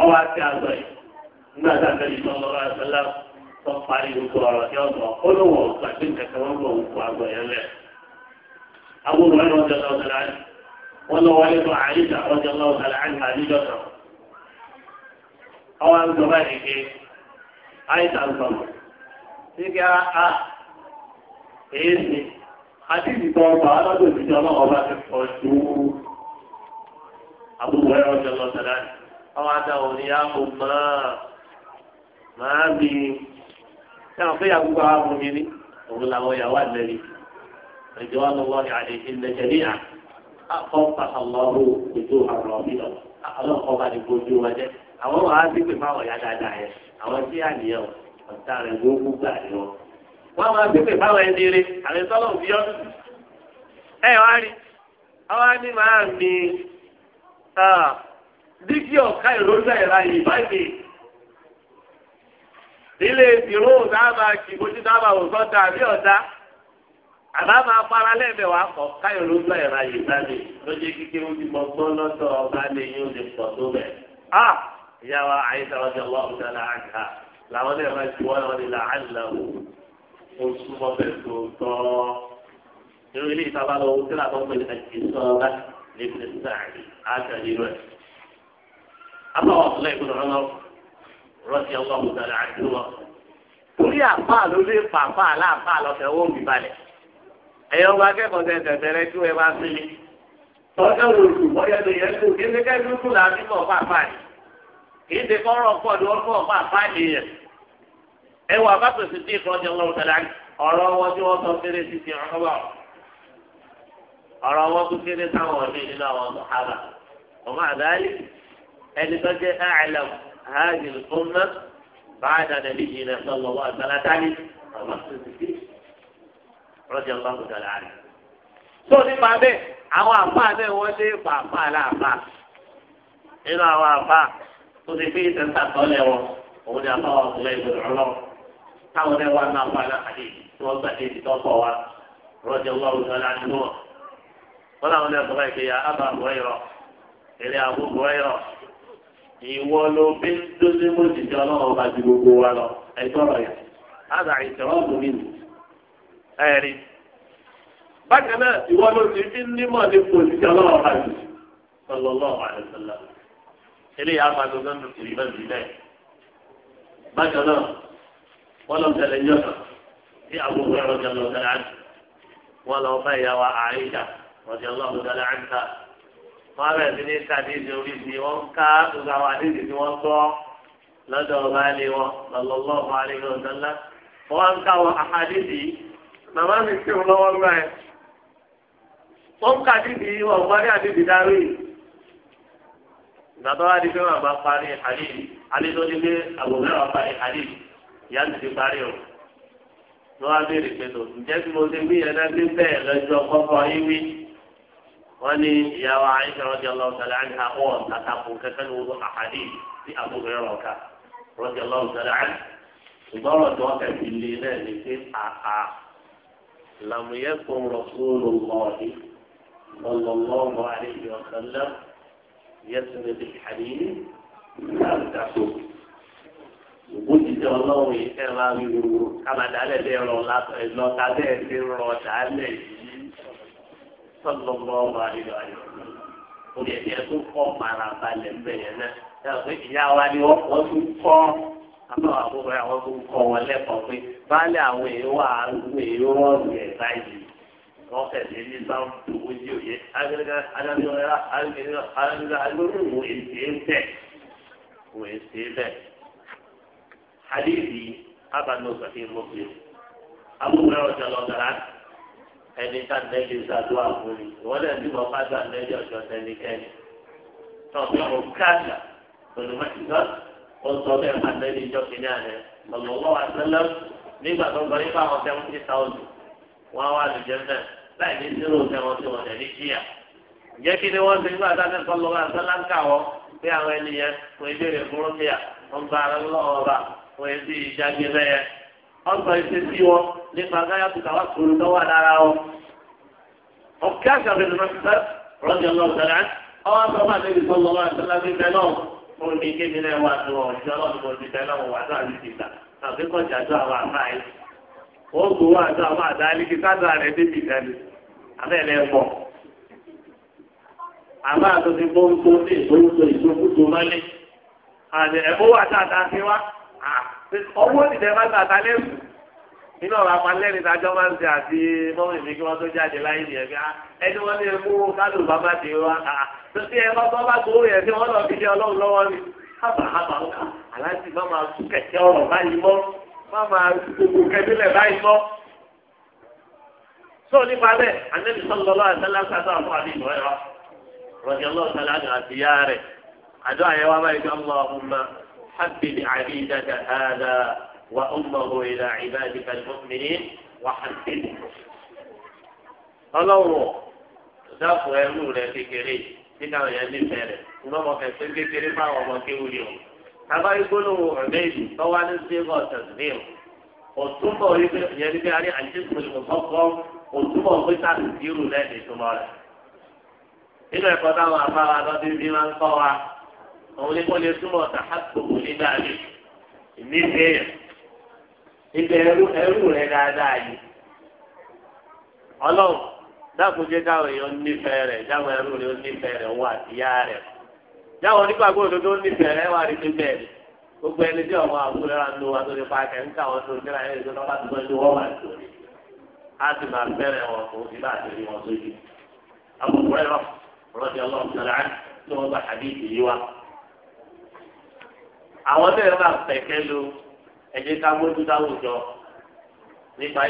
ọwọ́ àti àgbẹ̀ nígbà tá a fẹ́ yìí lọ́wọ́ àṣẹlá tó parí gbogbo ọ̀rọ̀ tí ó wọ̀ wọn lọ àgbẹ̀ yẹn lẹ̀. ọwọ́ àwùjọ báyìí ké àìsà sọ̀rọ̀ sígá a èyí ni àdìsí tó ọgbà alọ́dún ìdíjọ náà ọba ti pọ̀ ju àbúrò ẹ̀rọ ọjọ́ lọ sọ̀rọ̀ àti ọwọ́ àdá òní àpò máa máa bí táwọn fẹ́ yàgò bá wọn mi ní òun làwọn yàwó àlẹ́rí ẹ̀jẹ̀ wà lọ́wọ́ ní àdìsí lẹ́jẹ̀ríà akọ́ pàṣẹ lọ́rù ojú àrọ̀ mi lọ àlọ́ kọ́ bá ní gbójú wa jẹ́ àwọn wàá sí pé fáwọn ìyá dáadáa yẹn àwọn tí àníyàn ọ̀tá rẹ̀ gbogbo gbà ni wọn. wọ́n máa sí pé fáwọn ẹni rẹ̀ àrẹ sọ́lọ̀ fi ọ́ ẹ wá rí ọwọ́ ní màá mi dígí ọ̀ka ìrọ́lá ìra ìbáyìí ilé ìdìrò sábà kìbojú sábà òsọ́ta àbí ọ̀dá àbá máa para lẹ́ẹ̀mẹ̀ wá kọ̀ káyọ̀ ló gbà ẹ̀rọ sáré lójú kíkẹ́ ó ti mọ gbọ́n lọ́dọ̀ ọba lẹ́yìn ó ti pọ̀ tó bẹ̀ ìyá wa àyíṣà wa jẹ́ wọ́n ọ̀gá la àjà làwọn lè máa ti wọ́n ní làálà o o súnmọ́ bẹ́ẹ̀ tó tọ́ irú ilé ìtaba lọ wọ́n kíláà tó ń pèlè àti sọ́ọ́lá lè fi sàárì àjà nínú ẹ̀. abáwọ̀ ọ̀sùnlẹ̀ ìgbọ̀nà ọ̀nà rọ́ọ̀tì ọ̀gá ọ̀gá la àjà wọn. torí àpá ló lè fà fà owó mi balẹ̀. ẹ̀yọ́ ọba akẹ́kọ̀ọ́ tẹ̀ tẹ̀tẹ̀rẹ́ tí wọ́n bá sílẹ̀. tọ́jú kì í ṣe fọ́nrán pọ̀ ní wọ́n fọ́ ọ̀pá àpáàdé yẹn. ẹ wọ abáṣọ sí bí ìkọ́jọ wọn kàdá ọ̀rọ̀ wọn tí wọ́n sọ fèrè sí ti ọ̀rọ̀ ọ̀rọ̀ wọn kú kéré táwọn ọ̀dẹ́ nínú àwọn sọ̀hábà. ọmọ àdáyé ẹni tó jẹ́ àìlẹ̀m hajj ọmọ báyìí nàbí yìí nà sọ̀rọ̀ tó ti fi tẹ̀sán tọ́lẹ̀ wọn òun ni àbáwọ̀ ọ̀gbẹ́ ìgbèrè ọlọ́run táwọn ẹ̀ wá náà wà láàyè tí wọ́n gbàdé ìdítọ́kọ̀ wa wọn. ní ábà àbú ìwọ ló bí mú ju gbogbo wa lọ rẹ̀ ádà ẹ̀rí. bákan náà ìwọ ló ti fi ju eléyà àgbàdo náà ló kiri bá ti bẹ́ẹ̀. bákan náà wọ́n lọ tẹ̀lé yọ̀tọ̀ tí àbúrò rẹ̀ rọ̀jà lọ tẹ̀lé àjù wọ́n lọ bá ìyá wa àyíjà rọ̀jà lọ́wọ́ tẹ̀lé àjùká. wọ́n rẹ̀ sí ní kàdíjì oríṣi wọ́n ká gbogbo àwọn àdíjì tí wọ́n tọ́ lọ́dọ̀ báyìí wọn lọ́lọ́lọ́ọ̀ àlejò ọ̀dọ́lá wọ́n ń káwọn àhàdíjì màmá mi kí wọn lọ́wọ́ gbà ẹ̀ wọ́n ká àdíjì wọn gbọ́dọ̀ àdíjì dárí yìí gbàtọ́ wa di pé wọn bá parí hadith hadith tó di pé àbòmẹ́rẹ̀ wọn parí hadith ìyá ti ti parí o ló wá béèrè pé tó ǹjẹ́ bí mo ti wí yẹn náà ti bẹ́ẹ̀ lọ́jọ́ kọ́kọ́ yín wí wọ́n ní ìyàwó àyíṣẹ́ rọ́jà lọ́sọ̀lá àti àwọn àtàkù kẹ́kẹ́ ní wọ́n àhàdì sí àbòmẹ́rẹ̀ wọn ká rọ́jà lọ́sọ̀lá àti ṣùgbọ́n ọ̀rọ̀ tó ọ̀kẹ́ fi lé náà ní pé àhà làmúyẹ́kùn rọ̀ يسمى بالحليل لا تحسب ògbóni tẹ ọlọ́run yìí fẹ́ máa rí wo kámadàálẹ̀ lé ọ̀rọ̀ lọ́tàlẹ̀ lé rọ̀ dàálẹ̀ yìí sọ́dọ̀gbọ́ ọmọ ayọ̀ ayọ̀ orí ẹ̀jẹ̀ tó kọ́ màràbalẹ̀ bẹ̀yẹ̀ náà yàtọ̀ ìyá wa ni wọ́n tún kọ́ àbáwọ̀ àbúrò àwọn tó ń kọ́ wọn lẹ́kọ̀ọ́ pé báálẹ̀ àwọn èèyàn wà á ń wé rọ́ọ̀rù ẹ̀ báyìí. wọ́n tẹ̀lé ní sáwọn owó tí ò yẹ agbẹ́gẹ́ adájọ́ra agbẹ́gẹ́ agbẹ́gẹ́ agbẹ́gẹ́ òun èsì ń tẹ̀ òun èsì ń tẹ̀. hadithi abanu sahih muslim abúlé ọjọ́ lọ́gàrá ẹni tá nẹ́ẹ̀dì sàdúrà fún mi wọ́n lè ní wọ́n bá dà nẹ́ẹ̀dì ọjọ́ tẹ́nikẹ́ni. so ọ̀hún káàkà olùmọ̀tìkọ́ ó sọ bẹ́ẹ̀ bá in there kìnìún àná ọ̀lọ́wọ́ àtẹ́lẹ́ nígbà tó ń bọ̀ nípa láì ní sírò fẹ́ wọn tí wọn tẹ̀lé jíyà. ǹjẹ́ kí ni wọ́n ti gbà sáfẹ́ sọ́lọ́ bá sọ́láńkà wọ́n pé àwọn ènìyàn kò ì béèrè fún rúbíà wọ́n bá ara lọ́wọ́ ọba kò ì sí ìjáde lẹ́yẹ. wọ́n sọ ìṣe sí wọn nípa gáyà tó tàwa sòrò lọ́wọ́ lára wọn. ọ̀kẹ́ àṣàfẹ́ ló máa rọ́jò lọ́sọ̀rọ̀ ọwọ́ sọ wọ́n gbó wá àti àwọn àdáyéléke sáàdà rẹ̀ débi àtúntí gbóngbó ní ìgbóngbó ìgbóngbó mọ́lé àti ẹ̀kọ́ wà tààtà sí wa ọwọ́ ti dẹ̀ bá tààtà lẹ́nu máa ń ṣe àti mọ́mí mi kí wọ́n tó jáde láyé nìyẹn bí ẹni wọ́n ní kálù bàbá ti wá tí ẹ bá bá gbowó yẹn lọ fi ọlọ́run lọ́wọ́ ni má máa gbogbo kẹ́bílẹ̀ báyìí mọ́. tó nípa bẹ́ẹ̀ anẹ́bí sọ́lọ́lọ́ àtàlákàtà àwọn àbí ìwé wa rọ̀jẹ̀ lọ́wọ́ sálánù àti yá rẹ̀ àdó àyẹ̀wò àbáyé kí wọ́n lọ́wọ́ fún ma حبب عبيدك هذا وأمه إلى عبادك المؤمنين وحببه ọlọ́wọ́ dákun ẹrú rẹ̀ kékeré nígbà yẹn nífẹ̀ẹ́ rẹ̀ ìmọ̀ ọmọ kẹsàn-án kékeré fáwọn ọmọ tàbá igbóhùn ọ̀mẹ́yìn tọ́wá ní sẹ́kọ̀ tẹ̀sílẹ̀ òtúbọ̀ yẹn ní bí a rí àjẹsùn ìfọ̀kọ́ òtúbọ̀ pé sáàtì dírù lẹ́ẹ̀dẹ̀ ìtumọ̀ rẹ̀. nínú ẹ̀kọ́ táwọn afárá lọ́dún bí máa ń kọ́ wa òun ní kó lè túmọ̀ tàhátòkò nígbà rí ní bẹ́ẹ̀ ibẹ̀ ẹrú rẹ̀ dáadáa yìí. ọlọ́run dákúnjẹ́ dáwọn yàwọn onígbàgbọ́ òdodo nífẹ̀ẹ́ rẹ wà rí pépè n'i gbogbo ẹni tí ọmọ àbúrò rà ń lo àtòlè ń wọn tó níra ẹni tó lọ́ba wọ́n wà a máa bẹ̀rẹ̀ wọn kò sí rí wọn sójú. àbùkù rẹ̀ tí wọ́n gba àdéhìí yìí wá. àwọn pẹ̀kẹ́ lo ẹ̀jẹ̀ ká mójú táwùjọ nípa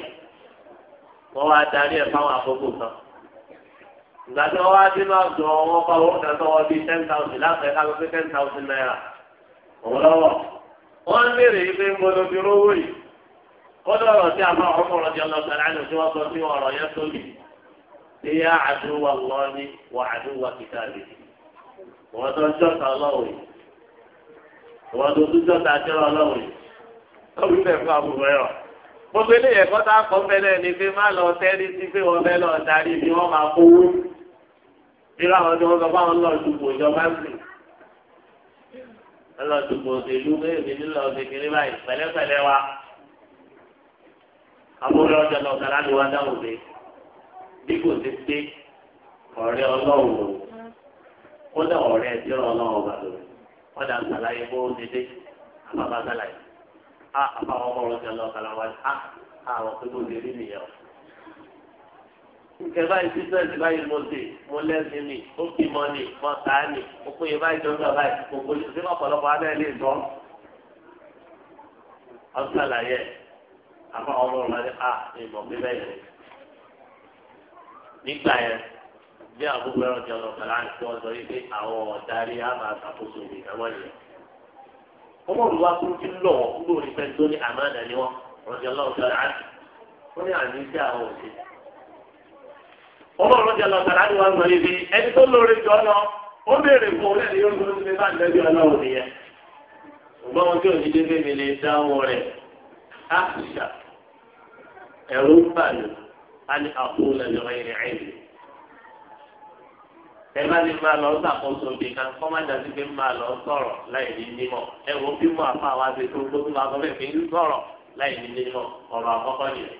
ibi wọ́n wá darí ẹ̀ fáwọn àkókò kan ìgbà tí wọ́n wá dínú àjọ wọn bíi ten thousand ten thousand naira òun lọ́wọ́ wọ́n ń béèrè yìí pé ń bolo fi rówó yìí ó lọ́rọ̀ sí àwọn ọmọọ̀rọ̀ di ọlọ́sẹ̀ tí wọ́n sọ sí ọ̀rọ̀ yẹn sóbì wà wọ́n tó ń jọ́ta ọlọ́wọ́ yìí wọ́n tó jọ́ta gbogbo eléyẹ kọ́ tá a kọ́ fẹ́lẹ́ ni pé má lọ tẹ́rí sí pé wọ́n fẹ́ lọ darí bí wọ́n máa kówó irú àwọn tí wọ́n sọ fún àwọn lọ dùbò ìjọba sí lọ dùbò òṣèlú méjì nílò kékeré báyìí pẹ̀lẹ́pẹ̀lẹ́ wa àbúrò ọjọ́ lọ kàrá ni wọ́n dáhùn dé bí kò ti pé ọ̀rẹ́ ọlọ́run o kódà ọ̀rẹ́ ẹ̀dí ọlọ́run ọba lórí wọ́n dà ń sàlàyé bó ti dé àbábá sàlàyé a àbáwọn ọmọ ọlọ́jà lọ kàlà wá a àwọn pé mo lè rí nìyẹn o. nkẹ́ báyìí bísíǹsì báyìí mo dé mo lẹ́sìn mi ó fi mọ́ ni mo tà á ni mo pè é báyìí tó ń gbà báyìí mo kò sí ọ̀pọ̀lọpọ̀ abẹ́ lè tọ́. ọ̀sàlàyé àbáwọn ọmọ ọlọ́jà a ìmọ̀ pé bẹ́ẹ̀ ni. nígbà yẹn bí àbúrò ẹ̀rọ ti ọ̀nà kàlà àti ọ̀sọ̀ yìí pé àwọn ọ̀darí á máa ìgbà wọ̀nyẹn. ọmọlù wa tún ti lọ wọn kúrò ní pẹ̀lú tó ní àmàdà ni wọn rọjò Ọlọ́run tó rà á wọn ní àmì sí àwọn òsè rọjò tó wọn ẹni tó jọ lọ ó béèrè fún orí ẹni yóò bá nìyẹn wọn tí òjì débé tẹ́lá ní máa lọ ṣàkóso ibi kan kọ́ má dàbí pé máa lọ sọ̀rọ̀ láì ní nímọ̀ ẹ wo bí mo àfa wa ṣe tó gbogbo máa sọ fẹ́ fi sọ̀rọ̀ láì ní nímọ̀ ọ̀rọ̀ àkọ́kọ́ nìyẹn.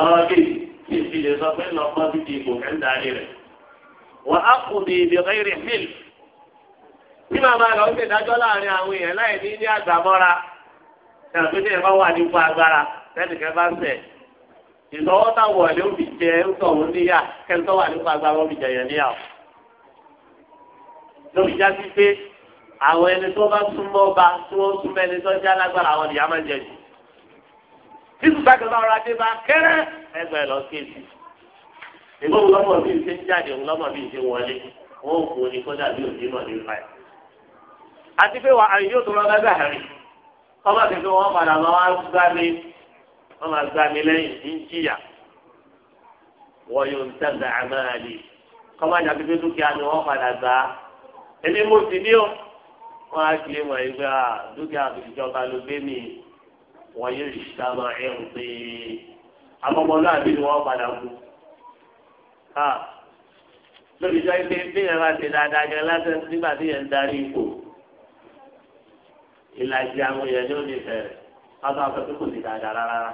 ọ̀rọ̀ kejì kí n fi lè sọ pé lọ kọ́ síbi ìbò fẹ́ ń darí rẹ̀. wà á kù bí ibi rírì hìl. bí màá máa lọ ṣe ìdájọ́ láàrin àwọn èèyàn láì ní ní àgbàmọ́ra ṣàpèjẹ́ bá wà nípò agbára tẹ́nìkan bá ṣẹ̀ ìsọwọ́ táwọn ọ̀lẹ́ òbí jẹ́ ń sọ̀rọ̀ níyà kẹ́ńtọ́ wà agbára òbí jẹ̀yẹ̀ níyà o lórí jásí pé àwọn ẹni tó bá súnmọ́ ọba tí wọ́n súnmọ́ ẹni tó jẹ́ alágbára àwọn ìyá máa ń jẹ jù. títù bákan náà ọ̀rọ̀ adé bá kẹ́rẹ́ ẹgbẹ́ lọ kéèsì. ìgbọ́ òun lọ́mọ bíi ṣe ń jáde òun lọ́mọ bíi ṣe wọlé wọn ò kò ní kọjá bí òjì náà ní ìfà àti pé wà àyè yóò tó lọ gbàgbà rí ọmọ kẹfẹ wọn padà máa gbá mi wọn máa gbá mi lẹ́yìn ní jìyà wọ́n yóò ń èmi mo sì ní o wọn á kiri wọn yìí pé a dúkìá ìjọba ló gbé mi wọn yóò ṣàmà ẹrù pé akọmọlúwàbí ni wọn padà kú lórí ìjọ ìpè bíyẹn bá ti dáadáa gẹ lásán nígbà tí yẹn ń darí ipò ìlàjì àwọn èèyàn ní òní fẹ̀rẹ̀ pátá ọ̀sẹ̀ tó kò sí dáadáa rárá.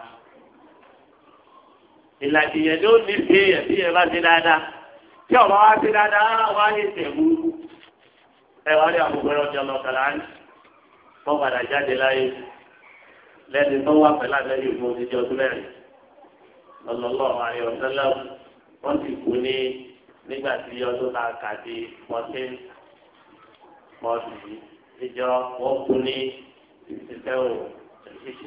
ìlàjì yẹn ní òní fẹ̀yẹ̀ bí yẹn bá ti dáadáa tí ọ̀rọ̀ wá ti dáadáa wá ní tẹ̀wúrú ẹ wá rí àwọn ọgbẹ́rẹ́ ọjọ́ lọ́kàlá ní wọ́n padà jáde láyé lẹ́ni tó wà pẹ̀lú àtẹ́lẹ́ ìfún ti di ọdún mẹ́rin lọ́lọ́lọ́ àyè ọ̀sẹ́lẹ̀ wọ́n ti kú ní nígbà tí ọdún náà kà di fourteen forty ìjọ wọ́n kú ní fifty seven fifty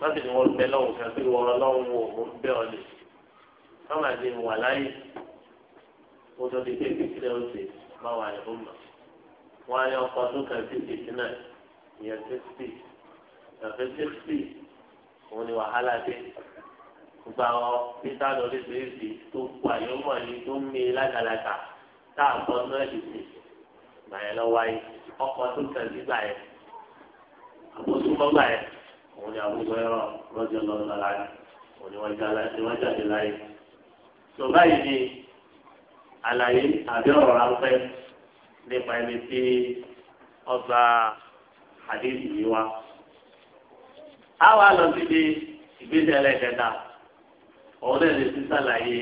wọ́n sì ní wọ́n bẹ lọ́wọ́ kan sí wọ́n lọ́wọ́ wò ó bẹ́ ọ lè wọ́n máa di wà láyé wọ́n tó di pé fifty seven six máa wà ní ọmọ wọ́n á yọ ọkọ̀ ọdún kan sí ìyẹn sixty ìyàfẹ́ sixty òun ni wàhálà dé gbogbo àwọn peter lóríṣiríṣi tó kú àyọ̀mọ̀ ni tó ń mi lágàlagà tá a gbọ́ náà dìde gbà lọ wáyé ọkọ̀ ọdún kan sígbà yẹn àbọ̀sùnmọ́gbà yẹn òun ni àwùjọ ẹ̀rọ lọ́jọ́ lọ́dún lára òun ni wọ́n jáde láyé. tó báyìí ni àlàyé àbí ọ̀rọ̀ ráńpẹ́ nípa ẹni tí ọgbà àdéhùn yìí wá. a wá lọ síbi ìgbésẹ̀ ẹlẹ́kẹta òun náà lè ti sàlàyé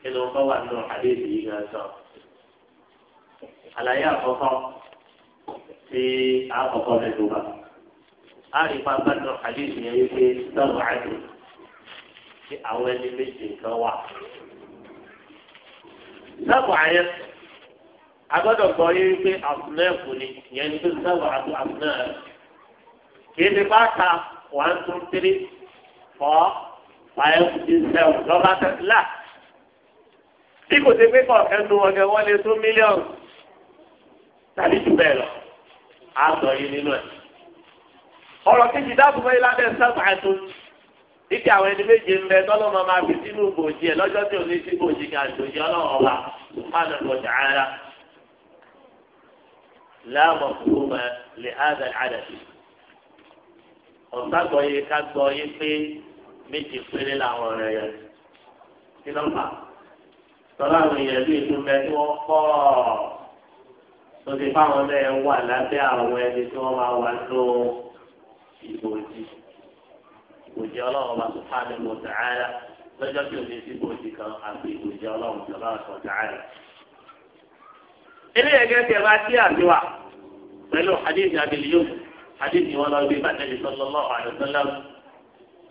kí ló bá wà nínú àdéhùn yìí gan sọ. àlàyé àkọ́kọ́ tí a kọ́kọ́ mẹ́tò bá a rí pápá nínú àdéhùn yẹn wípé sọ́ọ̀bù àdéhùn tí àwọn ẹni méjì kan wà. sọ́ọ̀bù àyẹ̀sọ̀ agbọ́dọ̀ gbọ́ yé wípé àfúnẹ́ẹ̀fù ni ìyẹn ní pé sábà àti àfúnẹ́ẹ̀fù kìí ti bá ta one two three four five six seven lọ́ba tẹ̀sílà bí kò ti pé kọ̀ọ̀kan nu ọ̀gẹ̀ wọlé tó mílíọ̀nù tàbí jù bẹ́ẹ̀ lọ á sọ yìí nínú ẹ̀. ọ̀rọ̀ kejì dábùbọ̀ yìí lábẹ́ sábà àti títí àwọn ẹni méje ń bẹ tọ́lọ́ máa fi sínú bòjì ẹ̀ lọ́jọ́ tí ò ní sí bòjì kan àjòjì ọlọ́run ọba ṣùgbọ́n لا مفهوم لهذا العدد ọ̀sá gbọ́ yìí ká gbọ́ yìí pé méjì péré làwọn ọ̀rẹ́ yẹn kí ló fà tọ́lá àwọn èèyàn bíi ìdúnbẹ tí wọ́n pọ̀ tó ti fáwọn náà wà lábẹ́ àwọn ẹni tí wọ́n máa wà ló ìbòjì ìbòjì ọlọ́run bá tó fà ní mọ̀tàrà lọ́jọ́ tí o ní ìbòjì kan àti ìbòjì ọlọ́run tó bá tó tààrà eléyà gẹ́gẹ́ bá tí àdúrà pẹ̀lú hadith abiliyo hadith wọn lọ bí bàtẹ́lẹ̀ sọlọ́lọ́ àdùsọ́lá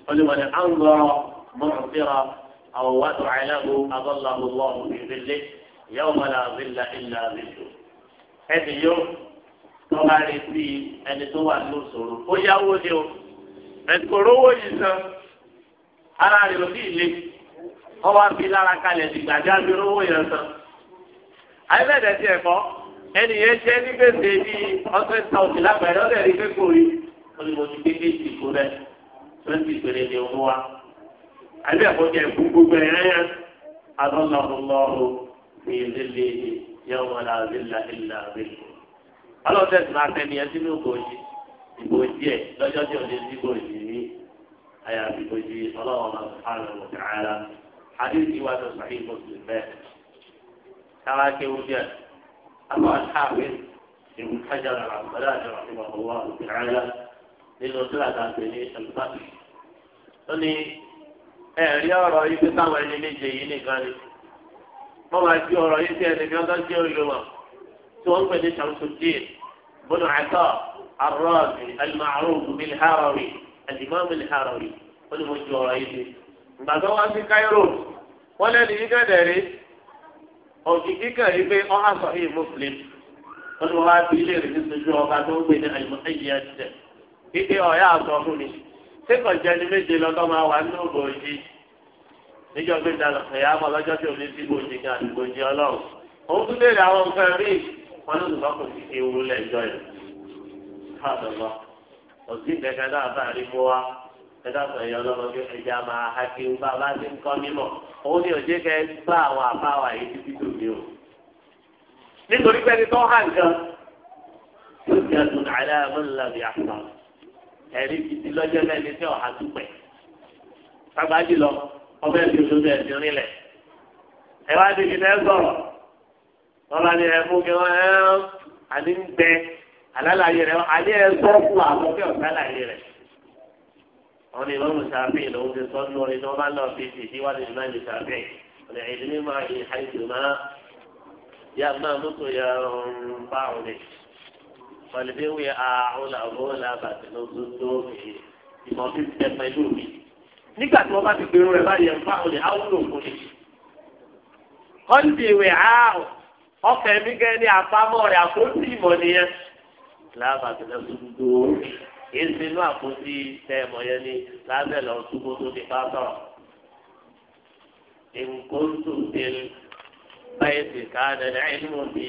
olùwọ̀n àǹgọ̀rọ̀ mọ̀ọ́fẹ́rọ̀ àwòwádùn àìláàbò abọ́láhùlọ́ ìrìlẹ̀ yàwó mọ́lá àbílà ìlà àbílò. ẹni yóò tọ́ba rẹ̀ sí ẹni tó wà ní òṣòro ó yáwó ni o ẹ̀kọ́ rówó yìí san ara rẹ̀ ò ní ilé ọwọ́ abilára kalẹ̀ dìgbàdá àyẹ̀bẹ̀dẹ̀ ti ẹ̀ mọ́ ẹnì yẹn jẹ́ ní gbèsè bí ọ̀sẹ̀ tàùsì lágbàáyé ọ̀dẹ̀ rí pé kò rí olùmọ̀tì kékeré ti kó rẹ̀ twenty péré ni òun wa àbí àkójọ ẹ̀kú gbogbo ẹ̀rẹ́ yẹn adọ́nàmúlọ́rù ní ìdílé yọ̀wọ̀lá ìlà ìlà rẹ̀ ọlọ́dẹ̀ tí máa tẹ̀lé ẹ sínú ìbòjì ìbòjì ẹ̀ lọ́jọ́ tí sára kéwú díẹ̀ àbọ̀ àtàwé ìlú kájà rà pẹ̀lú àjọ ìwà òwò àlùkìrẹ́lá nínú sílàtà pé ní ẹlùbáàbí. ó ní ẹ̀rí ọ̀rọ̀ yìí pé táwọn ẹni méje yìí nìkan ni wọ́n máa fi ọ̀rọ̀ yìí sí ẹni mìíràn jẹ́ olùmọ̀ tí wọ́n ń pè ní Shamsuddin bọ́dọ̀ àtọ́ arọ́ọ̀bì alimárùn bilharawi alimami bilharawi ó ní mo ju ọ̀rọ̀ yìí sí. ìgbà tó wá sí Cairo wọ́n lẹ́nu yìí gẹ́gẹ́ òkìkí kan rí pé ọ́n hàn sọ̀hí muslim wọ́n ti wá sí ilé ìrìn sojú ọba tó ń pè ní àyùmọ̀tẹ́yì ẹ̀jẹ̀ kíkẹ́ ọ̀yá àtọ̀ fún mi sẹ́kọ̀ jẹ́ ní méje lọ́tọ́ máa wà nínú níjọ́ pé dàlọ́ ẹ̀yà lọ́jọ́ tí omi kan àti gbòjì ọlọ́run òun tún léèrè àwọn nǹkan rí wọn kò sí ewu lẹ́jọ́ yẹn. òsì ẹdáàbọ̀ ẹ̀yọ́ ọlọ́mọdé ẹja máa ha kí n bá bá ti ń kọ́ mímọ̀ òun ni òjé kẹ́ bá àwọn àbáwá yìí títí tó o. nítorí pé ẹni tó hà nǹkan yóò jẹ́ dùn àlẹ́ ẹ̀rí títí lọ́jọ́ lọ ẹ̀sìn rílẹ̀. ẹ wá sọ̀rọ̀ lọ́la ni ẹ kí wọ́n ẹ̀ àwọn ìmọ̀ mùsàfẹ́ lòun ti sọ ní orin tí wọ́n bá lọ fi sì síwájú ìmọ̀ mùsàfẹ́ ọ̀nà ìdí mímọ ayé àìsàn máa yá máa mọ́tò ya ọ̀run bá òun ni pẹ̀lú wí àwọn làwọn làbàtì ló tó tó ìmọ̀ fi tẹ pẹ̀lú mi. nígbà tí wọ́n bá ti gbèrú rẹ̀ báyìí ẹ̀fọ́ àwọn ni àwọn lò fún kọ́ńtì ìwé àárọ̀ ọkẹ́ mi gẹ́ ní àpamọ́ rẹ̀ àkóńtì ìmọ̀ nìyẹn làbàtì ló tó tó kìí ṣe inú àpótí tẹ ẹ̀mọ̀ yẹn ni lábẹ́ lọ túbó tó ti bá sọ̀rọ̀. ìǹkóńtò ti báyìí sì ká dandan ẹni mo fi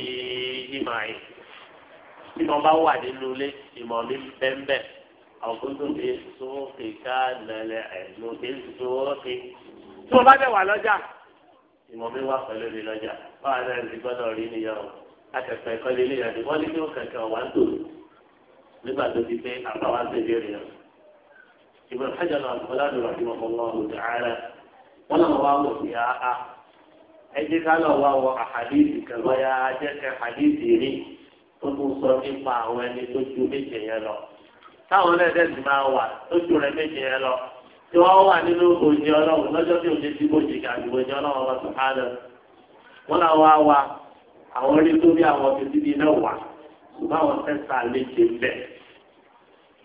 ìmọ̀ àyè. tí mo bá wà nínú ilé ìmọ̀ mi bẹ́ńbẹ́ àwòkóńtò ti sókè ká dandan ẹni mo fi sókè. tí mo bá bẹ̀ wà lọ́jà ìmọ̀ mi wá pẹ̀lú mi lọ́jà báwa náà ti gbọ́dọ̀ rí nìyẹn o. kẹ̀kẹ́ wà ń tòlù nígbà tó ti pé àbáwá ń tẹ̀lé rẹ̀ ìbọn hajj náà ọ̀làdùn ràdìmọ̀ ọlọ́run ọ̀dùn ààrẹ wọn náà wá wọ̀ sí àá ẹ jẹ́ ká lọ wá wọ àhàdìsì kẹlọ́yà ajẹ́ kẹ àhàdìsì rí tó tún sọ nípa àwọn ẹni tó ju méje yẹn lọ táwọn ẹlẹ́dẹ̀ẹ́sì máa wà tó ju rẹ̀ méje yẹn lọ tí wọ́n wà nínú òjì ọlọ́run lọ́jọ́ tí òjì tí bòjì àgbègbè òjì ọlọ́run ọba sùhánà wọ́n náà wà ṣùgbọ́n àwọn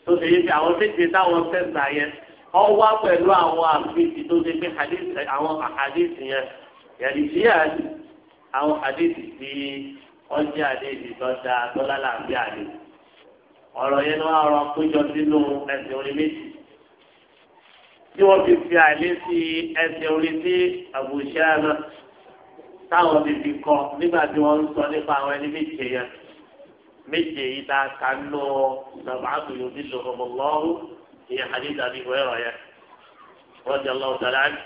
tó ṣe yé fi àwọn méje táwọn sẹ́ńtà yẹn ọ wá pẹ̀lú àwọn àfihàn tó ṣe pé àwọn àhàdìsì yẹn yẹ̀lì sí àdì àwọn àhàdìsì tí ọjà àdéhìí lọ́jà lọ́lá làbí àdé ọ̀rọ̀ yẹn ni wọ́n rọ péjọ sínú ẹsẹ̀ orí méjì tí wọ́n fi fi àìlé sí ẹsẹ̀ orí sí àbùṣẹ́ náà táwọn ti fi kọ́ nígbà tí wọ́n ń sọ nípa àwọn ẹni méje yẹn méje yìí tá a kà ń lọ lọ́wọ́ àbúrò bí lọ́wọ́ lọ́wọ́ ìyẹn àdéhùn àbí ìwé ọ̀rọ̀ yẹn wọ́n jẹ́ lọ́wọ́ tọ́lá ní.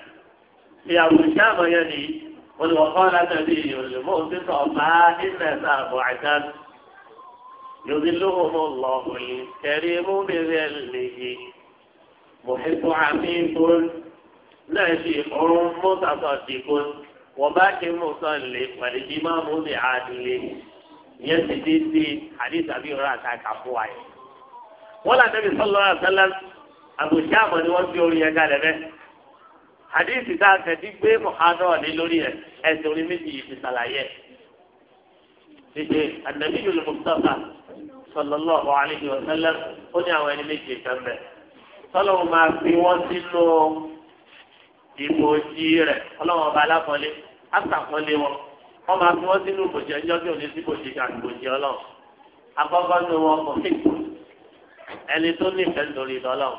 ìyá àbùsá àmọ́ yẹn nìyí wọ́n ti wọ́n kọ́ láti ẹbí ìyọ̀lùmọ́ òṣìṣẹ́ ọ̀bá ìfẹ̀sà àbọ̀ àjá yòdì lọ́wọ́ lọ́wọ́ yìí kẹrí mú mi rẹ̀ lèyí mọ̀hẹ́tọ́ àmìkún náà ṣe ọ̀run mọ́tàtọ̀ dìkún wọ́n bá ti mú sọ̀lẹ̀ pẹ̀lú ìmáàmù ní àdìlẹ́yìn ìyẹn ti dé sí àdìs àbí ìrora àti àkàfọ àyè wọn là nẹbi sọlọ àtàlà àbùsí àmọ ni wọn fi orin yẹn kalẹ̀ bẹ àdìs tá a tẹ̀sí gbé mọ̀hánà ní lórí ẹ ẹsẹ̀ orin méjì yìí ti sàlàyé ṣíṣe ànàbí yòlù mùsùlùmá sọlọlọ ọ̀hún àlejò ọ̀sẹ̀lẹ̀ ó ní àwọn ẹni méjì kan bẹ sọlọ́wọ́ rẹ̀ ọlọ́wọ́ ọba alákọ̀ọ́lé àtàkọ́lé wọn wọ́n máa fi wọ́n sínú bòjì ẹjọ́ tí ò ní sí bòjì àti bòjì ọlọ́run akọ́kọ́ ní wọn kò fíìkù ẹni tó nífẹ̀ẹ́ nítorí ìdọ́lọ́run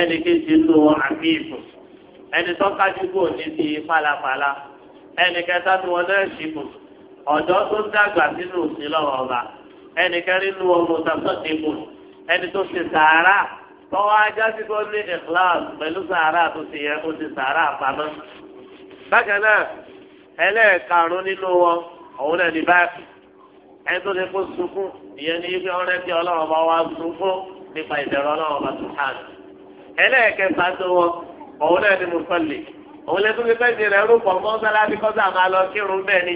ẹni kejì ní wọn àbí ìfò ẹni tó kájú kò ní ti pálapàla ẹni kẹta ní wọn náà ṣìkù ọ̀dọ́ tó dàgbà sínú ìlọ́wọ́ ọba ẹni kẹrin ní wọn mọ̀tà sọ́ọ̀tìkù ẹni tó ṣe sàárà tọ́wọ́ ajá sí kó ní ìkíláàsì pẹ̀lú sàárà tó ṣe yẹ kó ti sàárà pamọ́. bákan náà ẹlẹ́ẹ̀karùn nínú wọn òun náà ní báàkì ẹni tó ti kó sunkún ìyẹn ní ibi ọ̀rẹ́ tí ọlọ́run bá wá sunkún nípa ìdẹ̀rọ ọlọ́run bá tún hàn ẹlẹ́ẹ̀kẹta tó wọn òun náà ní mùsọ̀lì òun lẹ́tọ́ ti fẹ́ ṣe rẹ̀ rúpọ̀ mọ́sálásí kọ́sà máa lọ kírun bẹ́ẹ̀ ni